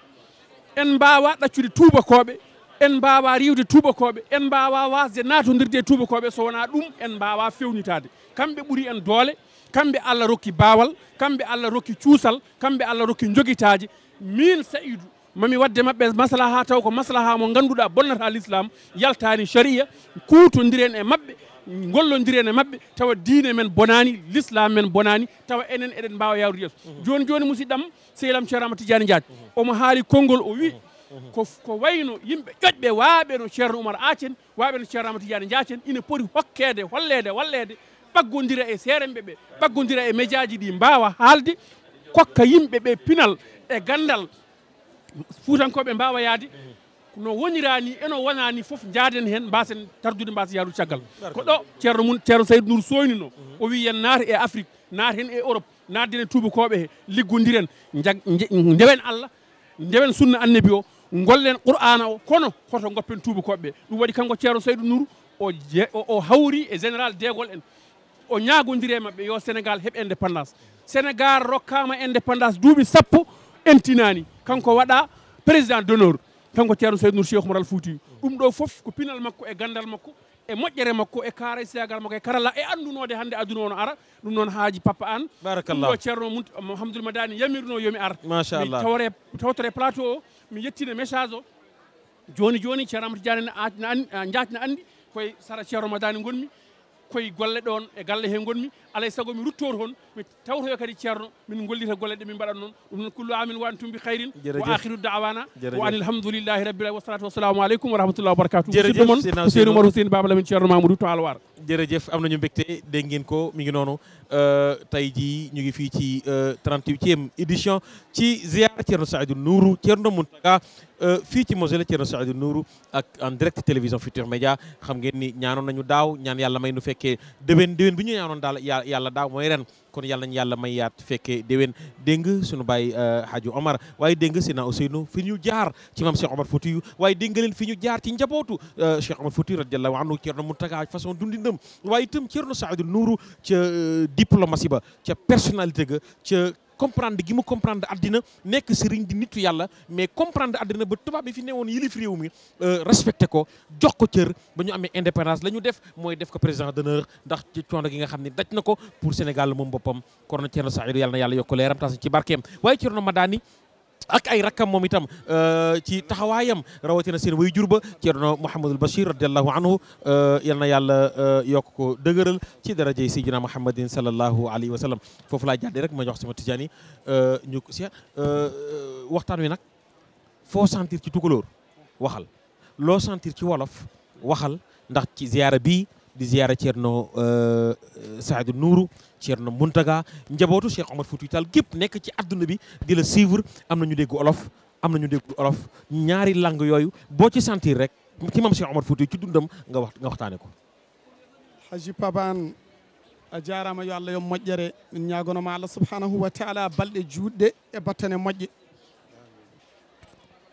en mbawa ɗaccude tubakoɓe en mbawa riwde tubakoɓe en mbawa wasde natodirde e tubakoɓe so wona ɗum en mbawa fewnitade kamɓe ɓuuri en doole kamɓe allah rokki bawal kamɓe allah rokki cuusal kamɓe allah rokki joguitaji min saydou mami wadde maɓɓe maslaha taw ko maslaha mo ganduɗa bonnata l'islam yaltani sharia kutodiren e maɓɓe gollodiren e maɓɓe tawa diine men bonani l'islam men bonani tawa enen eɗen mbawa yawrude yeeso mhm. joni joni musidɗam sehlam ceerama tidiani diaji mhm. omo haali konngol o wi mhm. ko ko wayno yimɓe ƴoƴɓe waaɓe no ceerno oumar acen waaɓe no ceerno amadou tidiane jacen ina poti hokkeede holleede wallede ɓaggodira e seeremɓe ɓe ɓaggodira e média ji ɗi mbawa haalde kokka yimɓe ɓe pinal e gandal fuutankoɓe mbawa yaade no wonirani eno wonani foof jaaden hen mbasen tardude mbasen yaadu caggal ko ɗo ceerno mum ceerno saydou nour soynino o wi yen naata e afrique naata hen e europe naatden e tubakoɓe he liggodiren dewen allah ndewen sunna annabi o gollen qur'ana o kono hoto goppen tubakoɓeɓe ɗum waɗi kanko ceerno saydou o hawri e général dégol en o ñagodiri e yo sénégal heeɓ indépendance sénégal rokkama indépendance duuɓi sappo en tinani kanko waɗa président d' honneur kanko ceerno saydou nour cheikh moural fouti ɗum ɗo foof ko pinal makko e gandal makko e moƴƴere makko e kaara e siyagal e e hannde aduna ono ara ɗum noon haaji papa an barakallah ɗo ceerno mouhamadoul madani yamirno yomi ar machallah tawre tawtore plateau o mi yettina message o joni joni ceerno amadou diane ne jaatine sara ceerno madani gonmi koye golle ɗon e galle he gonmi alay saago mi ruttoto toon mi tawtoyo kadi ceerno min gollita golle ɗe min mbaɗat noon ɗum noon kullu amin wa an tumbi hayrin wa akhiru dawana wa an alhamdoulillahi rabbil wa salatu wassalamu aleykum wa rahmatullahi wabarakatuh musidɗo moon to alwar jërëjëf am nañu mbégte dégg ngeen ko mi ngi Euh, tey jii ñu ngi fii ci 38e euh, édition ci ziar Thierno Saïdou Nourou Thierno Mountaga euh, fii ci mosole Thierno Saïdou Nourou ak en direct télévision Futur Média xam ngeen ni ñaanoon nañu daaw ñaan yàlla may nu fekkee déwén déwén bi ñu ñaanoon daal yàlla daaw mooy ren kon yàlla nañ yàlla may yaat fekkee déwén dégg sunu baay euh, Hadji Omar waaye dégg Seydina Ousseynou fi ñu jaar ci maam Cheikh Omar Foutiyou waaye dégg leen fi ñu jaar ci njabootu euh, Cheikh Omar Foutiyou radiallahu anhu Ceerno Muntaga façon dundindam waaye itam Ceerno Saïdou Nourou ca euh, diplomatie ba ca personnalité ga ca comprendre gi mu comprendre àddina nekk sëriñ di nitu yàlla mais comprendre àddina ba tubaab bi fi newoon yilif réew mi euh, respecté ko jox ko cër ba ñu amee indépendance la ñu def mooy def ko président d'honneur ndax ci coono gi nga xam ne daj na ko pour Sénégal moom boppam Corona Thierno Saïdou yàlla na yàlla yokk leeram tas ci barkeem waaye Thierno Madani ak ay rakkam moom itam euh, ci taxawaayam rawatina seen way jur ba Ceerno Mouhamadul Bachir radiallahu anhu euh, yal na yàlla euh, yokk ko dëgëral ci darajey Seydina Mouhamadin salallahu alayhi wa sallam foofu laa jàddee rek ma jox sama Tijaani ko si waxtaan wi nag foo sentir ci tukulóor waxal loo sentir ci wolof waxal ndax ci ziyaara bii di ziyaara Thierno euh, Saadou Nourou Thierno Muntaga njabootu Cheikh Omar Foutiyou Tall gépp nekk ci adduna bi di la am na ñu dégg olof am na ñu olof ñaari lang yooyu boo ci sentir rek ci maam Cheikh Omar Foutiyou ci dundam nga wax nga waxtaane ko haji paban a yo allah yo moƴƴere min ñagonoma allah subhanahu wa taala balɗe juɗɗe e battane moƴƴe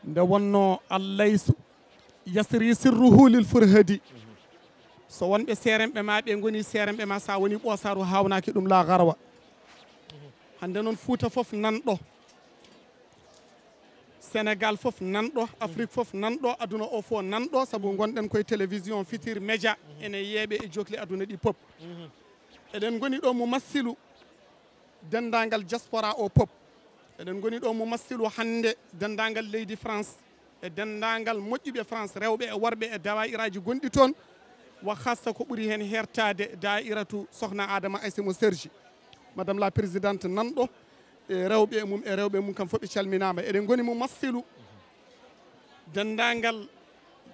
nde wonno so wonɓe seerenɓe ma ɓe goni seerenɓe ma sa woni ɓoosaru hawnaki ɗum la garawa hande noon fouta foof nanɗo sénégal fof nanɗo afrique fof nanɗo aduna o fof nanɗo saabu gonɗen koye télévision fitir média ene yeeɓe e johli aduna ɗi pop eɗen goni ɗo mo massilu dendagal diaspora o pop eɗen goni ɗo mo massilu hannde dendagal leydi france e dendagal moƴƴuɓe france rewɓe e worɓe e dawayiraji gonɗi toon wa hassa ko ɓuri heen hertade dairatu sohna adama aysimo sergi madame la présidente nanɗo e rewɓe mum e rewɓe mum kam fof ɓe calminama eɗen goni mo massilu dendagal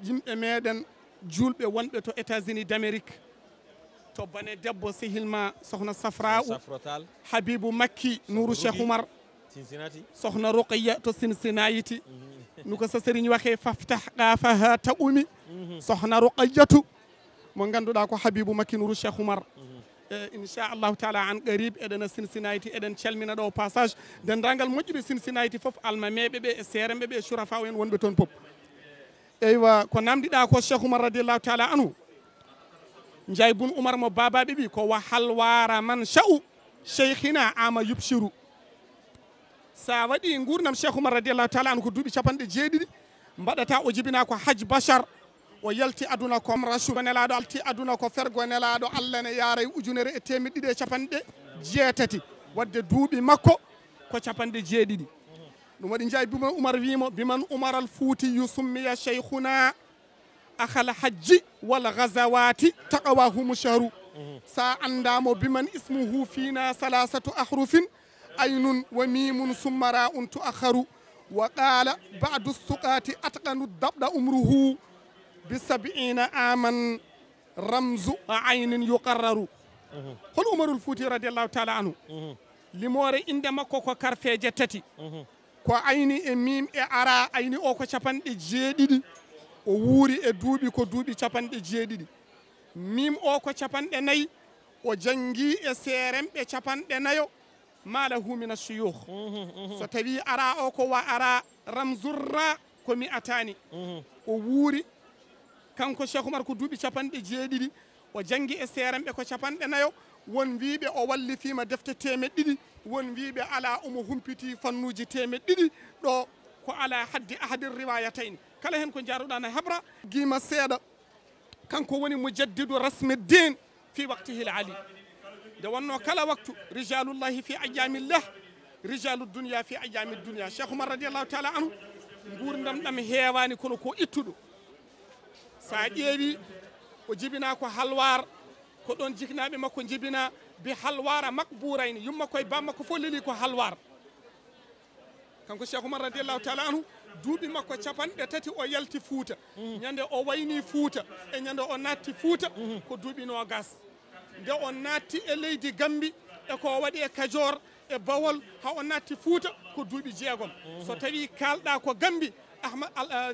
yimɓe meɗen julɓe wonɓe to états unis d' to bane debbo sehilma sohna safra'u habibou makki nouru cheikh oumar sohna roqiya mo ganduɗa ko habibu makinuru cheikh oumar e, inchallahu taala an qarib eɗen sinsinati eɗen calmina ɗo passage dendagal moƴƴuɓe sinsinati foof almameɓe ɓe e seremɓe ɓe e surafa en wonɓe toon pop eywa ko namdiɗa ko cheikh oumar radiallahu taala anhu jay bun mo babaɓe ɓi ko wa halwara man cha'u cheikhina ama yubsiru sa waɗi gurnam cheikh oumar radiallahu taala anhu ko duuɓi capanɗe jeeɗiɗi mbaɗata o jibina ko haj o yalti aduna ko fergo nelaɗo allah ne yaara ujunere e temedde e capanɗe jeetati wadde duuɓi makko ko capanɗe jeeɗiɗi ɗum waɗi jeeyi biman oumar wimo biman oumar al fouti yusummiya cheikhuna ahal hajji wal gasawati taqawa humu chahru sa andamo biman ismuhu fina salasatu ahrufin aynun wa mimun summara un tu akharu wa qala badu suqati atqanu dabɗa umruhu bi aman ramzu aynin yuqarraru hol umarul fouti radiallahu taala anhu limore inde makko ko karfeje tati ko ayni e mim e ara ayni o ko capanɗe jeeɗiɗi o wuuri e duuɓi ko duuɓi capanɗe jeeɗiɗi mim o ko capanɗe nayyi o jangi e seeremɓe capanɗe nayo maala humina suyuh so tawi ara o ko wa ara ramzurra komi atani o wuuri kanko cheikh oumar ko duuɓi capanɗe jeeɗiɗi o jangi e seeram ko capanɗe nayo won wiɓe o wallifima defte temed won wiɓe ala omo humpiti fannuji temed ɗo ko ala haddi ahadir riwayatayni kala hen ko jaruɗan e habra guima seeɗa kanko woni mo jaddidu rasme din fi waqtihil ali nde wonno kala waktu rijalullahi fi ayamillah rijalu dunia fi ayami dunia cheikh oumar taala anhu gurdam ɗam heewani kono ko ittuɗo so ƴeewi o jibina ko halwar ko ɗon jiknaɓe makko jibina bi halwara makbourayni yumma koye bammakko fof leli ko halwar kanko cheikh oumar radiallahu duuɓi makko capanɗe tati o yalti fuuta mm. ñande o wayni fuuta e o natti fuuta mm-hmm. ko duuɓi nogas nde o natti e leydi gambi e ko waɗi e kajor e bawol ha o natti fuuta ko duuɓi jeegom so mm-hmm. tawi kalɗa ko gambi ahmad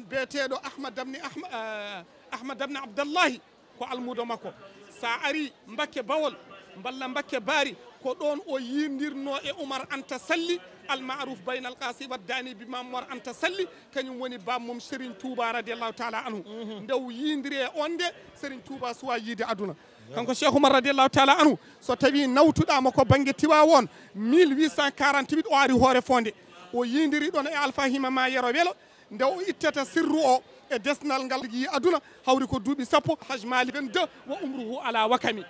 beeteɗo ahmad damni ahmad eh, ahmad abne abdallahi ko almudo makko sa ari mbakke bawol mballa mbakke baari ko ɗon o yirdirno e oumar anta salli almaruf bayne alkasi waddani bi mamouar anta salli kañum woni bammum sérigne touba radiallahu taala anhu mhm. ndew yidiri e on de sérigne touba suwa yiide aduna kanko cheikh oumar radiallahu taala anhu so tawi nawtuɗama ko banggue tiwa won 1848 o ari hoore fonde o yidiri ɗon e alpha ma yero weelo nde o ittata sirru o e desnal ngal yi aduna hawri ko duuɓi sappo haj malik 22 wa umruhu ala wakami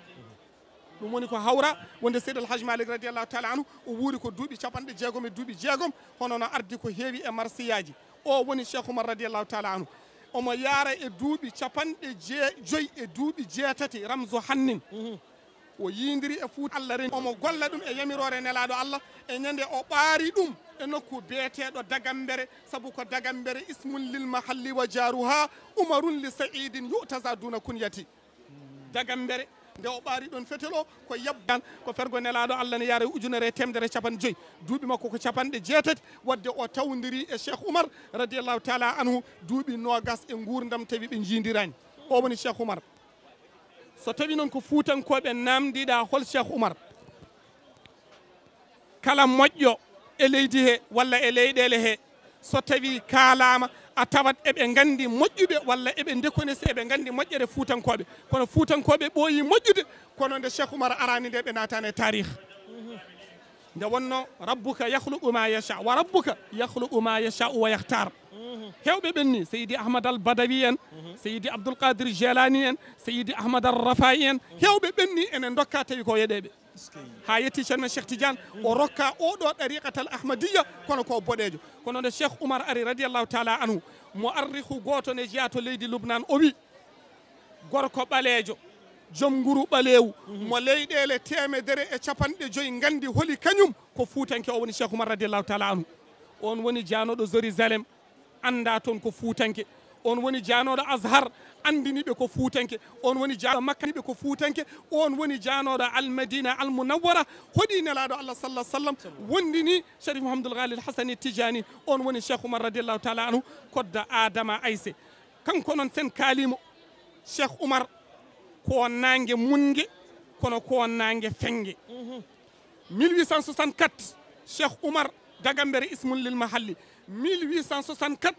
ɗum woni ko hawra wonde seydi alhaji malik taala anu o wuuri ko duuɓi capanɗe jeegom e duuɓi jeegom hono no ardi ko heewi e marsiyaji o woni cheikh oumar radiallahu taala anu omo yaara e duuɓi capanɗe jee joyi e duuɓi jeetati ramso hannin mhm. o yidiri e fuuta allah reni omo golla ɗum e yamirore nelaɗo allah e ñande o ɓaari ɗum e nokku beeteɗo dagambere saabu ko dagambere ismun lil mahalli wa jaruha umarun li saidin yutasa duna kunyati dagambere nde o ɓaari ɗon fetel o ko yabban ko fergo nelaɗo allah ne yaara ujunere e temedere capanɗe joyyi duuɓi makko ko capanɗe jeetati wadde o tawdiri e cheikh oumar radiallahu taala anhu duuɓi nogas e gurdam tawi ɓe jidirani o woni cheikh oumar so tawi noon ko fuutankoɓe namdiɗa hol cheikh oumar kala moƴƴo e leydi he walla e leyɗele he so tawi kaalama a tawat eɓe gandi moƴƴuɓe walla eɓe déconise eɓe gandi moƴƴere fuutankoɓe kono fuutankoɓe ɓooyi moƴƴude kono nde cheikh oumar arani nde ɓe natani e tarih nde wonno rabbuka yahluqu ma wa rabbuka yahluqu ma yachau wa yahtar ɓenni seydi ahmad al badawi en seydi abdoulkadir jelani en seydi ahmad al rafai en hewɓe ɓenni enen dokka tawi ko yeɗeɓe ha yetti ceerno cheikh tidiane o rokka oɗo ɗariqatal ahmadiya kono ko boɗejo kono nde cheikh oumar ari radiallahu taala anhu mo arrihu goto ne leydi lubnan o wi gorko ɓalejo joom nguru ɓaleewu mo leyɗeele temedere e capanɗe joyi nganndi holi kañum ko fuutanke o woni cheikh oumar radiallahu taala anu on woni jaanoɗo jérusalem annda toon ko fuutanke on woni jaanoɗo ashar andiniɓe ko ko fuutanke on woni janoɗo almadina almunawwara hoɗi nelaɗo allah sallah sallam wondini sharif mouhamadoul ghalil e kodda adama aysé kanko noon sen kaalimo cheikh oumar ko nangue mungue kono ko nangue fengue 1864 cheikh oumar dagambere ismul lil mahalli 1864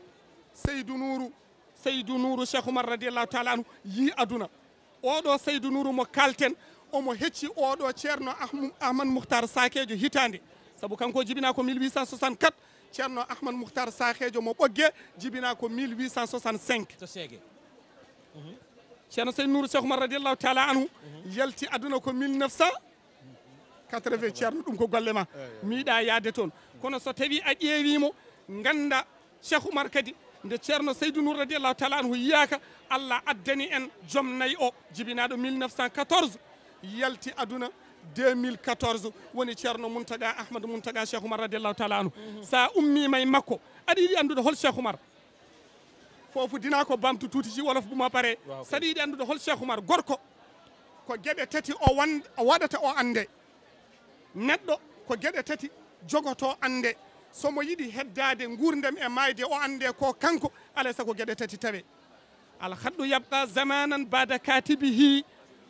seydou nouru seydou nouru cheikh oumar radiallahu taala anhu yi aduna oɗo seydou nouru mo kalten omo hecci oɗo ceerno ahmad mouhtar sakejo hitande saabu kanko jibina ko 1864 ceerno ahmad mouhtar sahejo mo ɓogge jibina ko 1865 to seege mhm. ceerno seydi nouru cheikh oumar radiallahu taala yalti aduna ko 1980 ceerno ɗum ko golle ma mi yiɗa yaade toon kono so tawi a ƴeewimo ganda cheikh oumar kadi nde ceerno seydou nour radiallahu taala anhu allah addani en joom nayyi o jibinaɗo 1914 yalti aduna woni ceerno mountaga ahmadou mountaga cheikh oumar radiallahu taala sa ummima e makko aɗa yiɗi andude hol cheikh oumar foofu dinaa ko bamtu tuuti ci wolof bu ma paree saɗa yiɗi anndude hol cheikh oumar gorko ko geɗe tati o wan o waɗata o neɗɗo ko geɗe tati jogoto annde somo yiɗi heddade gurdem e mayde o annde ko kanko alay sago geɗe tati tawe alhaddu yabqa zamanan bada katibihi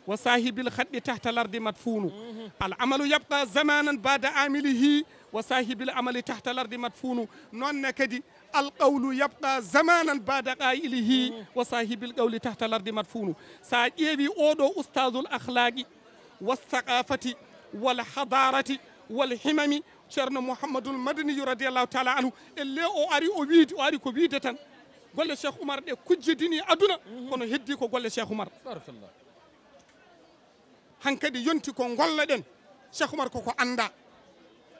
wa sahibil haɗɗi tahta lardi matfunu mhm. al amalu yabqa zamanan bada amilihi wa sahibil amali tahta lardi matfunu noonne kadi alqawlu yabqa zamanan bada qailihi wa sahibil qawli tahta lardi madfunu sa ƴeewi oɗo oustageul ahlaqi walsaqafati walhadarati walhimami ceerno mouhamadoul madaniyu radiallahu taala anhu elle o ari o wiide o ari ko wiide tan golle cheikh oumar ɗe kujjidini aduna kono heddi ko golle cheikh oumar han yonti ko golla ɗen cheikh oumar koko anda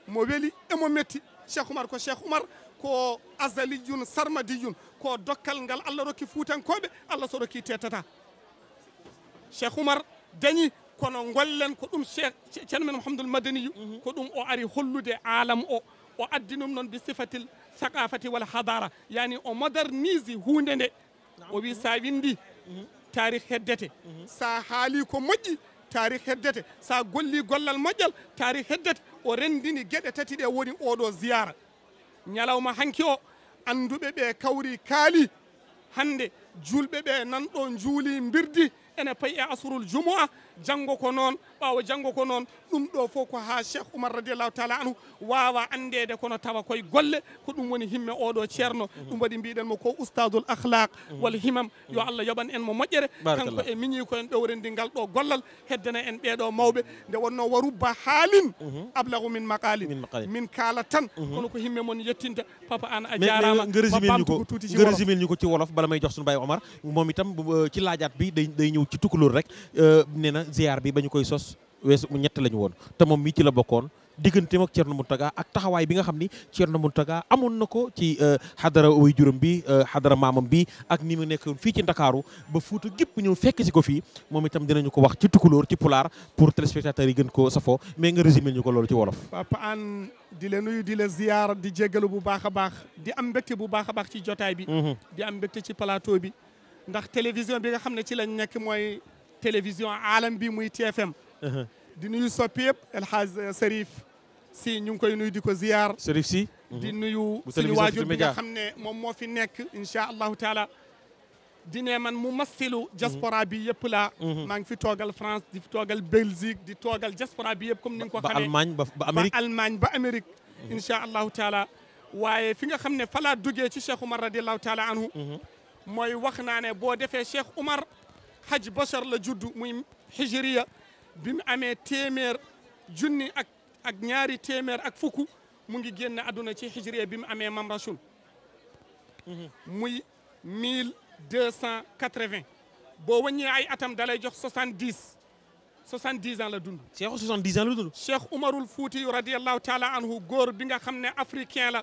mo weeli emo metti cheikh oumar ko cheikh oumar ko asaliyun sarmadiyun ko dokkal ngal allah rokki fuutankoɓe allah so rokki tettata cheikh oumar dañi kono gollen ko ɗum cheikh ceerno men mouhamadoul madaniyu mhm. ko ɗum o ari hollude alam o o addi ɗum noon bi sakafati wal hadara yani o modernise hunde nde o wi sa windi mhm. tarih heddete mhm. sa haali ko moƴƴi tarih heddete sa golli gollal moƴƴal tarih heddete o rendini gueɗe tati ɗe woni oɗo ziyara ñalawma hanki o annduɓe ɓe kawri kaali hannde julɓe ɓe nan ɗo juuli mbirdi ene payi e asrul jumu'a janngo ko noon ɓaawa janngo ko noon ɗum ɗo fof ko ha cheikh oumar radiallahu taala anhu wawa andede kono tawa koye golle ko ɗum woni himme oɗo ceerno mhm. ɗum waɗi mbiɗen mo ko oustadoul ahlak mhm. wal himam yo allah yoɓan en mo moƴƴere kanko e miñi ko en ɗowrendingal ɗo gollal heddana en ɓeɗo mawɓe nde wonno warubba haalin mhm. ablahu min maqalin min kaala tan kono ko himme moon yettinta papa an a jarama ngeresimilñuko ngeresimilñu ko ci wolof bala may jox sunu baye omar moom itam euh, ci laajat bi day ñëw ci tukalóor rek euh, nee na ziar bi ba ñu koy sos weesu ñett lañu woon te moom mii ci la bokkoon digganteem ak Thierno Mountaga ak taxawaay bi nga xam ni Thierno Mountaga amoon na ko ci euh, xadara way bi euh, xadara maamam ni ci Ndakaaru ba Fuuta gépp ñëw fekk si ko fii moom itam dinañu ko wax ci tukulóor ci pulaar pour téléspectateurs yi gën koo safoo mais nga résumé ñu ko loolu ci wolof. Papa An di la nuyu di la ziyaar di jéggalu bu baax a baax di am mbégte bu baax a baax ci jotaay bi. Mm-hmm. di am mbégte ci plateau bi. ndax télévision bi nga xam ne ci lañ nekk mooy télévision alam bi muy TFM. di nuyu soppi yëpp El Hadj euh, si ñu ngi koy nuyu di ko ziyaar. Serif si. di nuyu suñu waajur bi nga xam ne moom moo fi nekk incha allahu taala. di ne man mu masilu diaspora bi yëpp laa. maa ngi fi toogal France di fi toogal Belgique di toogal diaspora bi yëpp comme ni nga ko xamee. ba Allemagne ba Amérique ba Allemagne ba Amérique. incha allahu waaye fi nga xam ne falaa duggee ci Cheikh Umar radiallahu taala anhu mooy wax naa ne boo defee Cheikh Umar. Haj Bachar la judd muy hijriya bi mu amee téeméer junni ak ak ñaari téeméer ak fukk mu ngi génn àdduna ci hijriya bi mu amee mamrasun mhm. muy mille deux cent quatre-vingt boo wàññee ay atam dalay jox soixante-dix soixante-dix ans la dund cheikh soixante-dix ans la dund cheikh Umarul Fuuti radiallahu taala anhu góor bi nga xam ne africain la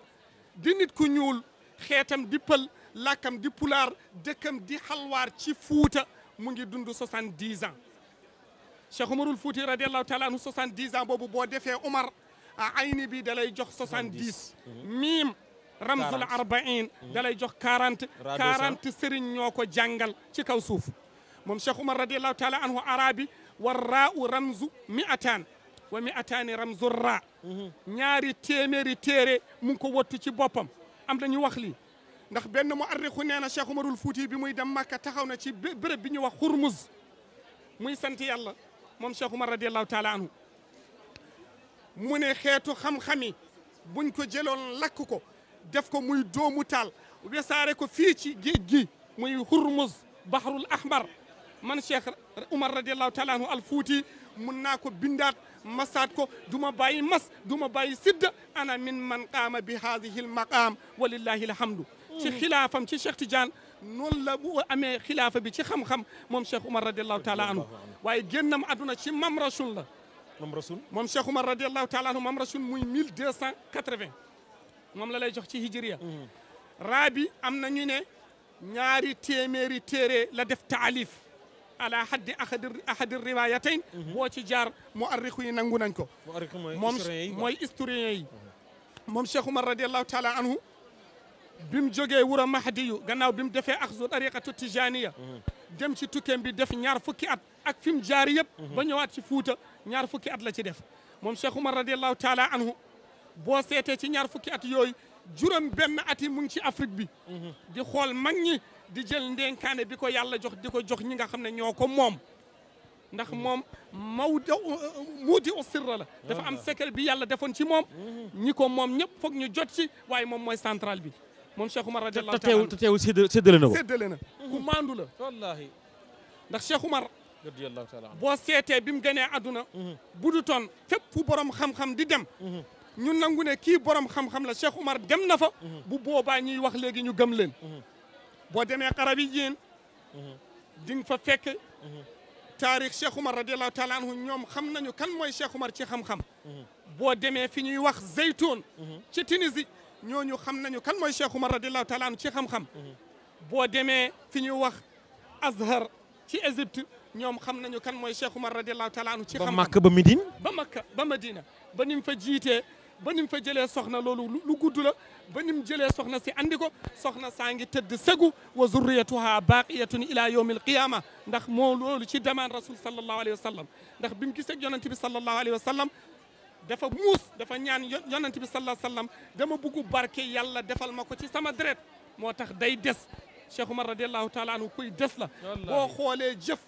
di nit ku ñuul xeetam di pël làkkam di pulaar dëkkam di xalwaar ci fuuta mu ngi dund soixante-dix ans Cheikh Oumarul Fouti radiallahu taala anhu 70 ans boobu boo defee Umar ayni bi da jox 70. miim ramzul arbain mm-hmm. dalay jox 40. 40 sëriñ ñoo ko jàngal ci kaw suuf moom Cheikh Umar radiallahu taala anhu arabi warraaw ramzu mi'ataan wa mi'ataani ramzu raa. Mm-hmm. ñaari téeméeri téere mu ngi ko wottu ci boppam am na ñu wax lii. ndax benn mu arriku nee na Cheikh Umarul fuuti bi muy dem Makka taxaw na ci béréb bi ñuy wax Xurmuz muy sant yàlla. moom Cheikh Oumar radiallahu taala anhu mu ne xeetu xam-xami buñ ko jëloon lakk ko def ko muy doomu taal wesaare ko fii ci géej gi muy hurmuz bahrul ahmar man Cheikh Oumar radiallahu taala anhu al fuuti mun naa ko bindaat masaat ko duma bàyyi mas duma bàyyi sidda ana min man qaama bi haadihi al maqaam walillahi alhamdu ci mm. xilaafam ci Cheikh Tidiane noonu la bu amee xilaafa bi ci xam-xam moom Cheikh Oumar radiallahu taala anhu waaye génnam àdduna ci mam rasul la. mam rasul moom Cheikh Umar radiallahu taala anhu mam rasul muy 1280 moom la lay jox ci hijriya. Mhm. raabi am na ñu ne ñaari téeméeri téere la def taalif ala haddi ahadi ahadi riwayatayn mhm. boo ci jaar mu arriku yi nangu nañ ko moom mooy historien yi mhm. moom Cheikh Umar radiallahu taala anhu bi mu jógee wura mahdi yu gannaaw bi mu defee axzu tariqatu tijaniya dem ci tukkeem bi def ñaar fukki at ak fi mu jaar yëpp. ba ñëwaat ci Fuuta ñaar fukki at la ci def moom Cheikh Oumar radiallahu taala anhu boo seetee ci ñaar fukki at yooyu juróom benn at yi mu ngi ci Afrique bi. Mhm. di xool mag ñi di jël ndenkaane bi ko yàlla jox di ko jox ñi nga xam ne ñoo ko moom. ndax mhm. moom Maodo muudi u la dafa am ah. secret bi yàlla defoon ci moom. Mhm. ñi ko moom ñëpp foog ñu jot ci waaye moom mooy central bi. moom Cheikh Oumar radiyallahu ta'ala anhu te teewul te teewul séddale na ko séddale na ku maandu la wallaahi ndax Cheikh Oumar radiyallahu ta'ala boo seetee bi mu gënee adduna mhm. bu du toon fépp borom xam-xam di dem mhm. ñu nangu ne kii borom xam-xam la Cheikh Oumar dem na fa mhm. bu boobaa ñuy wax léegi ñu gam leen boo demee xarabi yéen di fa fekk taarix Cheikh Oumar radiyallahu ta'ala ñoom xam nañu kan mooy Cheikh Oumar ci xam-xam boo demee fi ñuy wax zeytoon ci Tunisie ñooñu xam nañu kan mooy Cheikh Umar radiallahu taala anu ci xam-xam mhm. boo demee fi ñuy wax Azhar ci Égypte ñoom xam nañu kan mooy Cheikh Umar radiallahu taala anu ci xam-xam ba Makka ba Médine ba Makka ba Madina ba ni mu fa jiitee ba ni mu fa jëlee soxna loolu lu gudd la ba ni mu jëlee soxna si andi ko soxna saa ngi tëdd segu wa zurriyatuha baqiyatun ila yawmi alqiyama ndax moo loolu ci demande rasul sallallahu alayhi wa sallam ndax bi mu gisee yonente bi sallallahu alayhi wa sallam dafa muus dafa ñaan yonent bi sallallahu alayhi wasallam dama bugg barke yàlla defal ma ko ci sama deret moo tax day des Cheikh Umar radiallahu taala anhu kuy des la boo xoolee jëf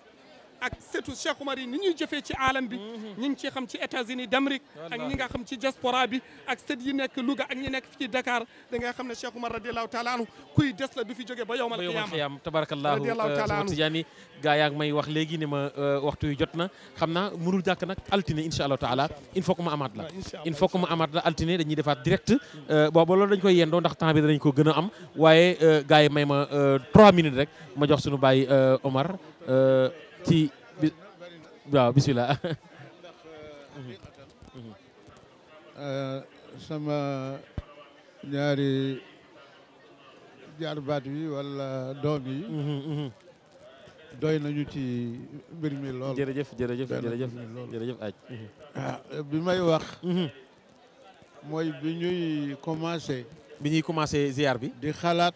ak setu Cheikh Oumar yi ni ñuy jëfee ci alam bi mhm. ñi ngi ci xam ci États-Unis d'Amérique ak ñi nga xam ci diaspora bi ak sët yi nekk luga ak ñi nekk fi ci Dakar da nga xam ne Cheikh Oumar radiallahu taala anhu kuy des la du fi jóge ba yowmal xiyaam tabarakallahu euh, sama tijaani gaa yaa ngi may wax léegi ne ma euh, waxtu yu jot na xam naa mënul jàkk nag altine insha allahu taala il faut que ma amaat la il faut que ma amaat la altine dañuy defaat direct euh, booba loolu dañ koy yendoo ndax temps bi danañ ko gën am waaye gaa yi may ma trois minutes rek ma jox suñu bàyyi Omar ci waaw bisimilah. Eh, sama ñaari baat yi wala doom yi. Mhm, mhm. doy nañu ci mbir mi lool. jërëjëf jërëjëf jërëjëf jërëjëf aj ah, bi may wax. Mhm. mooy bi ñuy commencé. bi ñuy commencé ziar bi. di xalaat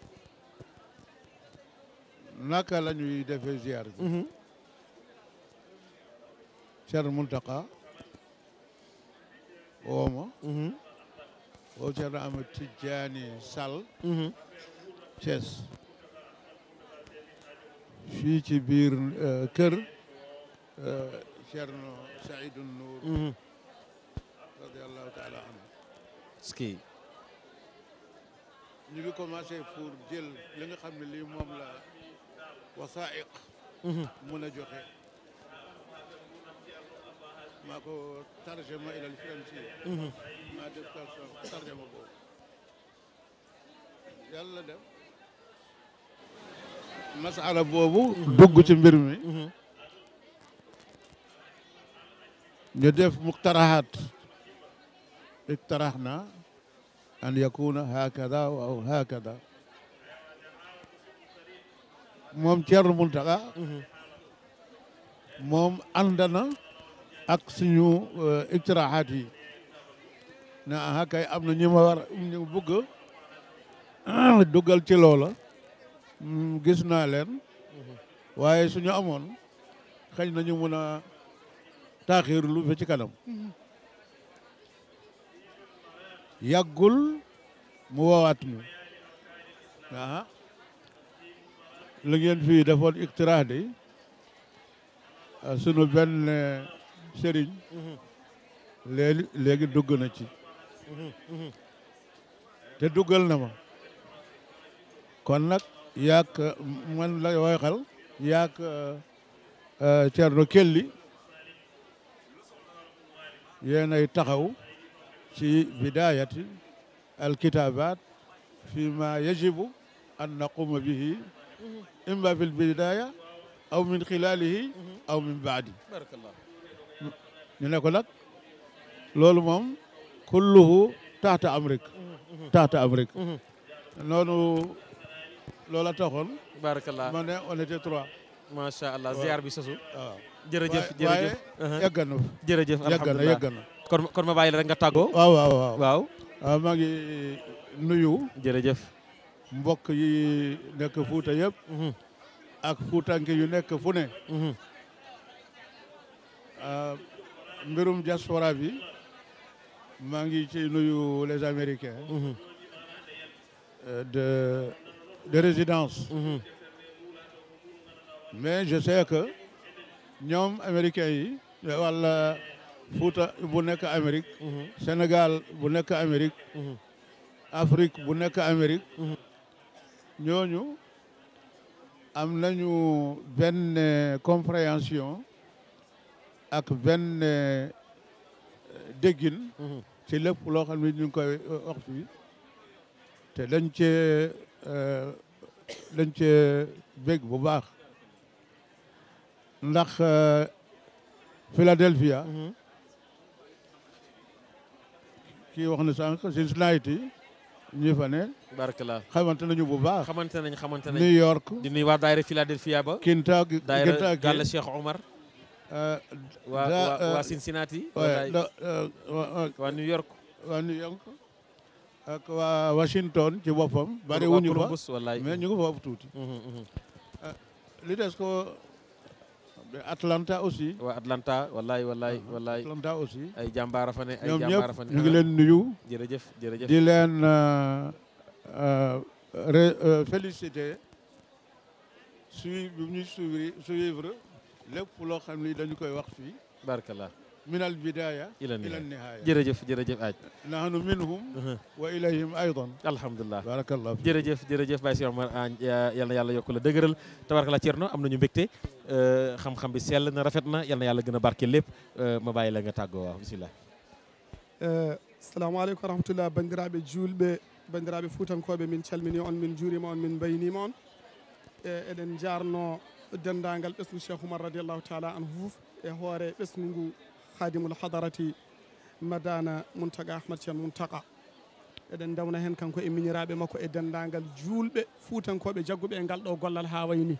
naka la ñuy defee ziar bi. Cheikh Mountakha woo ma mm-hmm. woo Cheikh Ahmed Tidiane Sall mm-hmm. Thiès fii ci biir euh, kër euh, Thierno Saïdou Nour mm-hmm. radiallahu taala anhu ski ñu ngi commencé pour jël li nga xam ne lii moom la wasaiq mën a joxe maa ko tarjama ilal fransi mhm. maa def tarjama boobu yàlla def masala boobu mhm. dugg ci mbir mi mhm. ñu def muqtaraxaat iqtarax na an yakuna hakada aw hakada moom Ceerno Muntaxa moom ànd na ak suñu euh, iktiraxaat yi ne kay am na ñu ma war ñu bëgg dugal ci loola mm, gis naa leen waaye suñu amoon xëy nañu mën a taaxiirlu ba ci kanam yàggul mu woowaat mu aha li ngeen fii defoon iktirax di sunu benn sëriñ mm-hmm. léegi léegi dugg na ci mm-hmm. Mm-hmm. te duggal na ma kon nag yaak man la waxal yaak euh, Thierno Kelly yéenay taxaw ci bidayati alkitabat fi ma yajibu an naquma bihi imma fi lbidaya aw min xilalihi aw min baadi ñu ne ko nag loolu moom kulluhu taata amrik taata amrik noonu loola taxoon ma ne on était trois macha allah ziar bi sasu waaw jërëjëf kon ma bàyyi la rek nga tàggoo waaw waaw waaw waaw ah, nuyu jërëjëf mbokk yi nekk Fuuta yëpp uh-huh. ak Fuutanke yu nekk fu uh-huh. ah, mbirum diaspora bi maa ngi ci nuyu les américains mhm. euh, de de résidence mhm. mais je sais que ñoom américains yi wala Fuuta bu nekk Amérique mhm. Sénégal bu nekk Amérique Afrique bu nekk Amérique ñooñu am nañu benn compréhension ak benn euh, déggin mhm. ci lépp loo xam ne ñu ngi koy wax euh, fii te dañ cee euh, dañ cee bég bu baax ndax Philadelphia mhm. kii wax na sànq Cincinnati ñi fa ne barkala xamante bu baax xamante nañ xamante nañ New York di nuyu waa daayira Philadelphia ba Kentucky daayira Gàlla Cheikh Omar Euh, waa waa euh, Cincinnati. Euh, waa New York. waa New York ak waa Washington ci boppam. bari wuñu fa mais ñu ngi foofu tuuti. Mhm, mhm. li des ko Atlanta aussi. waa Atlanta wallaay wallaay wallaay. Atlanta aussi. ay jàmbaara fa ne ay jàmbaara fa ne ñu ngi leen nuyu. jërëjëf jërëjëf di leen féliciter. suivi bi ñu suivre. lépp loo xam ni dañu koy wax fii. barkallah. minal bidaaya. ila nihaaya jërëjëf jërëjëf aaj. nahnu minhum. Uh-huh. wa ilayhim aydan. alhamdulilah barakallah. jërëjëf jërëjëf Baye Cheikh Omar yal na yokk la dëgëral tabarakallah Thierno am nañu mbégte euh, xam-xam bi sell na rafet na yal yàlla gën a barkeel lépp euh, ma bàyyi la nga tàggoo waaw bisimilah. Euh, salaamaaleykum wa rahmatullah bandiraaɓe juulɓe bandiraaɓe fuutankooɓe min calminii on min juuriima on min mbayniima on eɗen njaarnoo dendagal ɓesgu cheikh oumar radiallahu taala anhu fof e hoore ɓesgu ngu hadimul hadarati madana mountaga ahmad thian mountaka eɗen dewna hen kanko e miñiraɓe makko e dendagal julɓe fuutankoɓe jagguɓe e ngal ɗo gollal ha wayni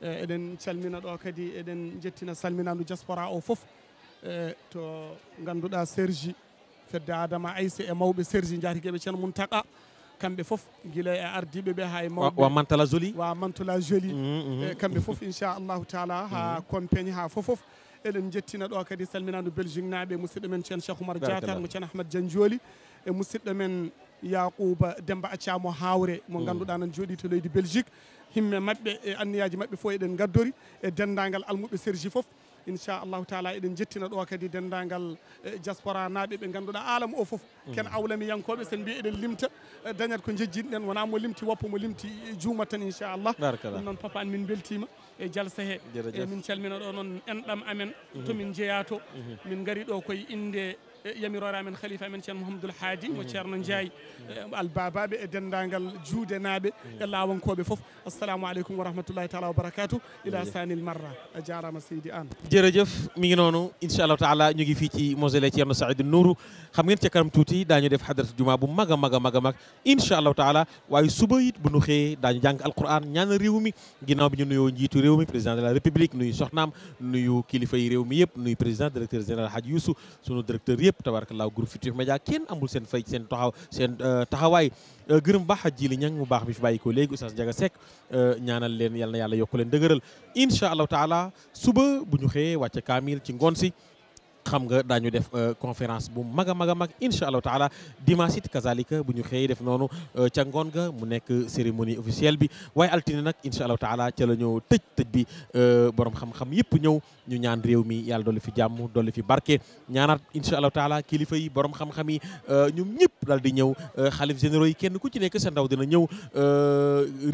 e eɗen calmina ɗo kadi eɗen jettina salminandu diaspora o foof e to ganduɗa sergi fedde adama aysa e mawɓe sergi jaati gueɓe thian mountaka kamɓe fof guila e ardiɓe ɓe ha e mawɓe wa mantala joli wa mantala joli mm, mm, mm. eh, kamɓe fof inchallahu taala ha compagne ha fofof eɗen jettina ɗo kadi salminandu belgique naaɓe musidɗo men ceen cheikh oumar mo ceen ahmad dian jooli e musidɗo men yaqouba demba accamo hawre mo ganduɗa nan jooɗi to leydi belgique himɓe mabɓe e anniyaji mabɓe fof eɗen gaddori e dendagal almuɓe sergi fof inchallahu taala eɗen jettina ɗo kadi dendagal eh, diaspora naaɓe ɓe ganduɗa alamu o foof mm. ken awlamiyankoɓe sen mbiya eɗen limta eh, dañat ko jejjinɗen wona mo limti woppa mo limti eh, juumat tan inchallah ɗum noon papa min beltima e jalsa e min calmina ɗo noon enɗam amen tomin mm-hmm. jeeya to min mm-hmm. gari ɗo koye inde yamirorama en khalifa amen ceerno mouhamadoul haadi mo ceerno ndiaye eh, albabaɓe e dendagal juudenaɓe e lawankoɓe foof assalamu aleykum wa rahmatullahi taala wa barakatuh ila sanil marra a jarama seydi an jërëjëf mi ngi noonu inchallahu taala ñu ngi fii ci mosele ceerno saïdou nourou xam ngeen ca kanam tuuti daañu def hadratu juma bu mag a mag a mag a mag inchallahu taala waaye suba it bu nu xëyee daañu jàng alquran ñaan réew mi ginnaaw bi ñu nuyoo njiitu mi président de la république nuyu soxnaam kilifa yi mi yëpp nuyu président directeur général hadj youssou sunu directeur lépp tabarkalaaw groupe Futurs Médias kenn amul seen fay seen taxaw seen euh, taxawaay euh, gërëm baax a jili ñang mu baax bi fi bàyyi ko léegi Oustaz Ndiaga Seck euh, ñaanal leen yal na yàlla yokk leen dëgëral incha allahu taala suba bu ñu xëyee wàcce kaamil ci ngoon si xam nga daañu def euh, conférence bu mag a mag a mag incha allahu taala dimanche it kazalika bu ñu xëyee def noonu euh, ca ngoon ga mu nekk cérémonie officielle bi waaye altine nag incha allahu taala ca la ñëw tëj tëj bi euh, borom xam-xam yëpp ñëw ñu ñaan réew mi yàlla dolli fi jàmm dolli fi barke ñaanaat incha allahu taala kilifa yi borom xam-xam yi ñoom ñëpp daal di ñëw xalif généraux yi kenn ku ci nekk sa ndaw dina ñëw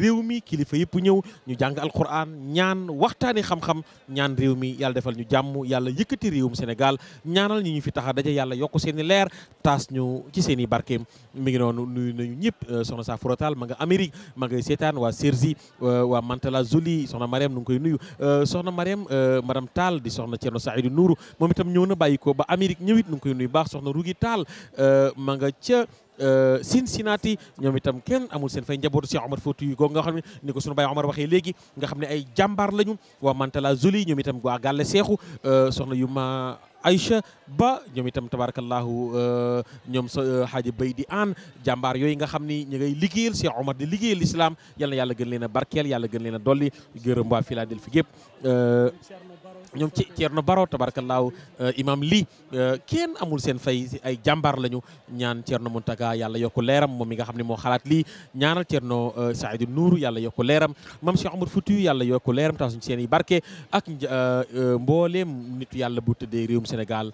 réew mi kilifa yëpp ñëw ñu jàng alquran ñaan waxtaani xam ñaan réew mi yàlla defal ñu jàmm yàlla yëkkati réewum Sénégal ñaanal ñi ñu fi tax a daje yàlla yokk seen i leer taas ñu ci seen i barkeem mi ngi noonu nuyu euh, soxna Safura Tall ma nga Amérique ma ngay seetaan waa Sergi euh, waa Mantala Zoli soxna Mariam nu ngi koy nuyu euh, soxna Mariam madame Tall di soxna Thierno Saïdou Nourou moom itam ñëw na bàyyi ko ba Amérique ñëwit nu ngi koy nuyu baax soxna Rugi Tall ma ca Euh, Cincinnati ñoom itam kenn amul seen fay njabootu Cheikh Omar Fouti yu googu nga xam ne ni ko sunu baay Omar waxee léegi nga xam ne ay jàmbaar lañu waa Mantala Zoli ñoom itam waa Gàlle Seexu euh, soxna yu ma Aïcha Ba ñoom itam tabarakallahu euh, ñoom sa xaaji bay di aan jàmbaar yooyu nga xam ni ñu ngay liggéeyal Cheikh Omar di liggéeyal islam yal yàlla gën leen a barkeel yàlla gën leen a dolli gërëm waa Filadel fi gépp ñoom ci Thierno Baro tabarkallaahu euh, imam lii euh, kenn amul seen fay ay jàmbaar lañu ñaan Thierno Mountaga yàlla yokk leeram moom mi nga xam ne moo xalaat lii ñaanal Thierno euh, Saïdou Nour yàlla yokk leeram mam Cheikh Amadou Fouti yàlla yokk leeram tax suñu seen yi barke ak mbooleem nitu yàlla bu tëddee réewum Sénégal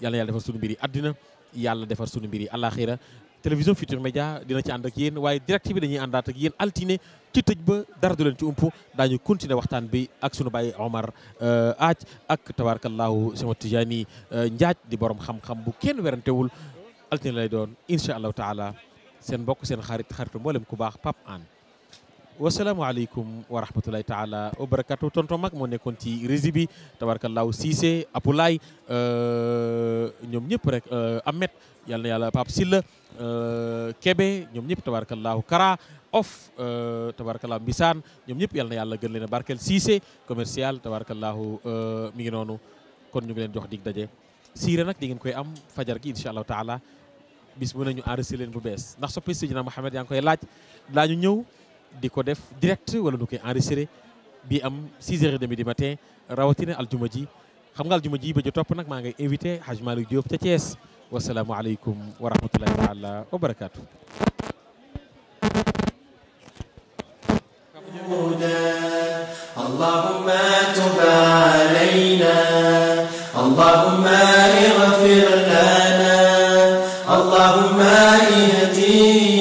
yàlla yàlla defar suñu mbiri àddina yàlla defar suñu mbiri àllaaxira télévision Futur Média dina ci ànd ak yéen waaye direct bi dañuy àndaat ak yéen altine ci tëj ba dara du leen ci ump daañu continuer waxtaan bi ak sunu bàyyi Omar euh, aaj ak tabaarakallahu sama Tijaani euh, Njaaj di borom xam-xam bu kenn werantewul altine lay doon incha allahu taala seen mbokk seen xarit xaritu mboolem ku baax pap an wasalaamaaleykum wa rahmatulahi taala wa barakatu tonton mag moo nekkoon ci régie bi tabarkallahu Cissé Apulaay euh, ñoom ñëpp rek euh, Ahmed yal na yàlla Pape Silla euh, Kebe ñoom ñëpp tabarkallahu Kara of tabarkallahu Mbisaan ñoom ñëpp yal na yàlla gën leen a barkeel Cissé commercial tabarkallahu mi ngi noonu kon ñu ngi leen jox dig daje siire nag di ngeen koy am fajar gi incha allahu taala bis bu nañu enregistré leen bu bees ndax soppi Sidina Mohamed yaa ngi koy laaj daañu ñëw di ko def direct wala nu koy enregistré bi am 6 heures et demie du matin rawatina aljuma ji xam nga aljuma ji ba jo topp nag maa ngay invité Hadj Malick Diop ca Thiès wasalaamualeykum wa rahmatullahi taala wa barakaatu. اللهم تب علينا اللهم اغفر لنا اللهم اهدنا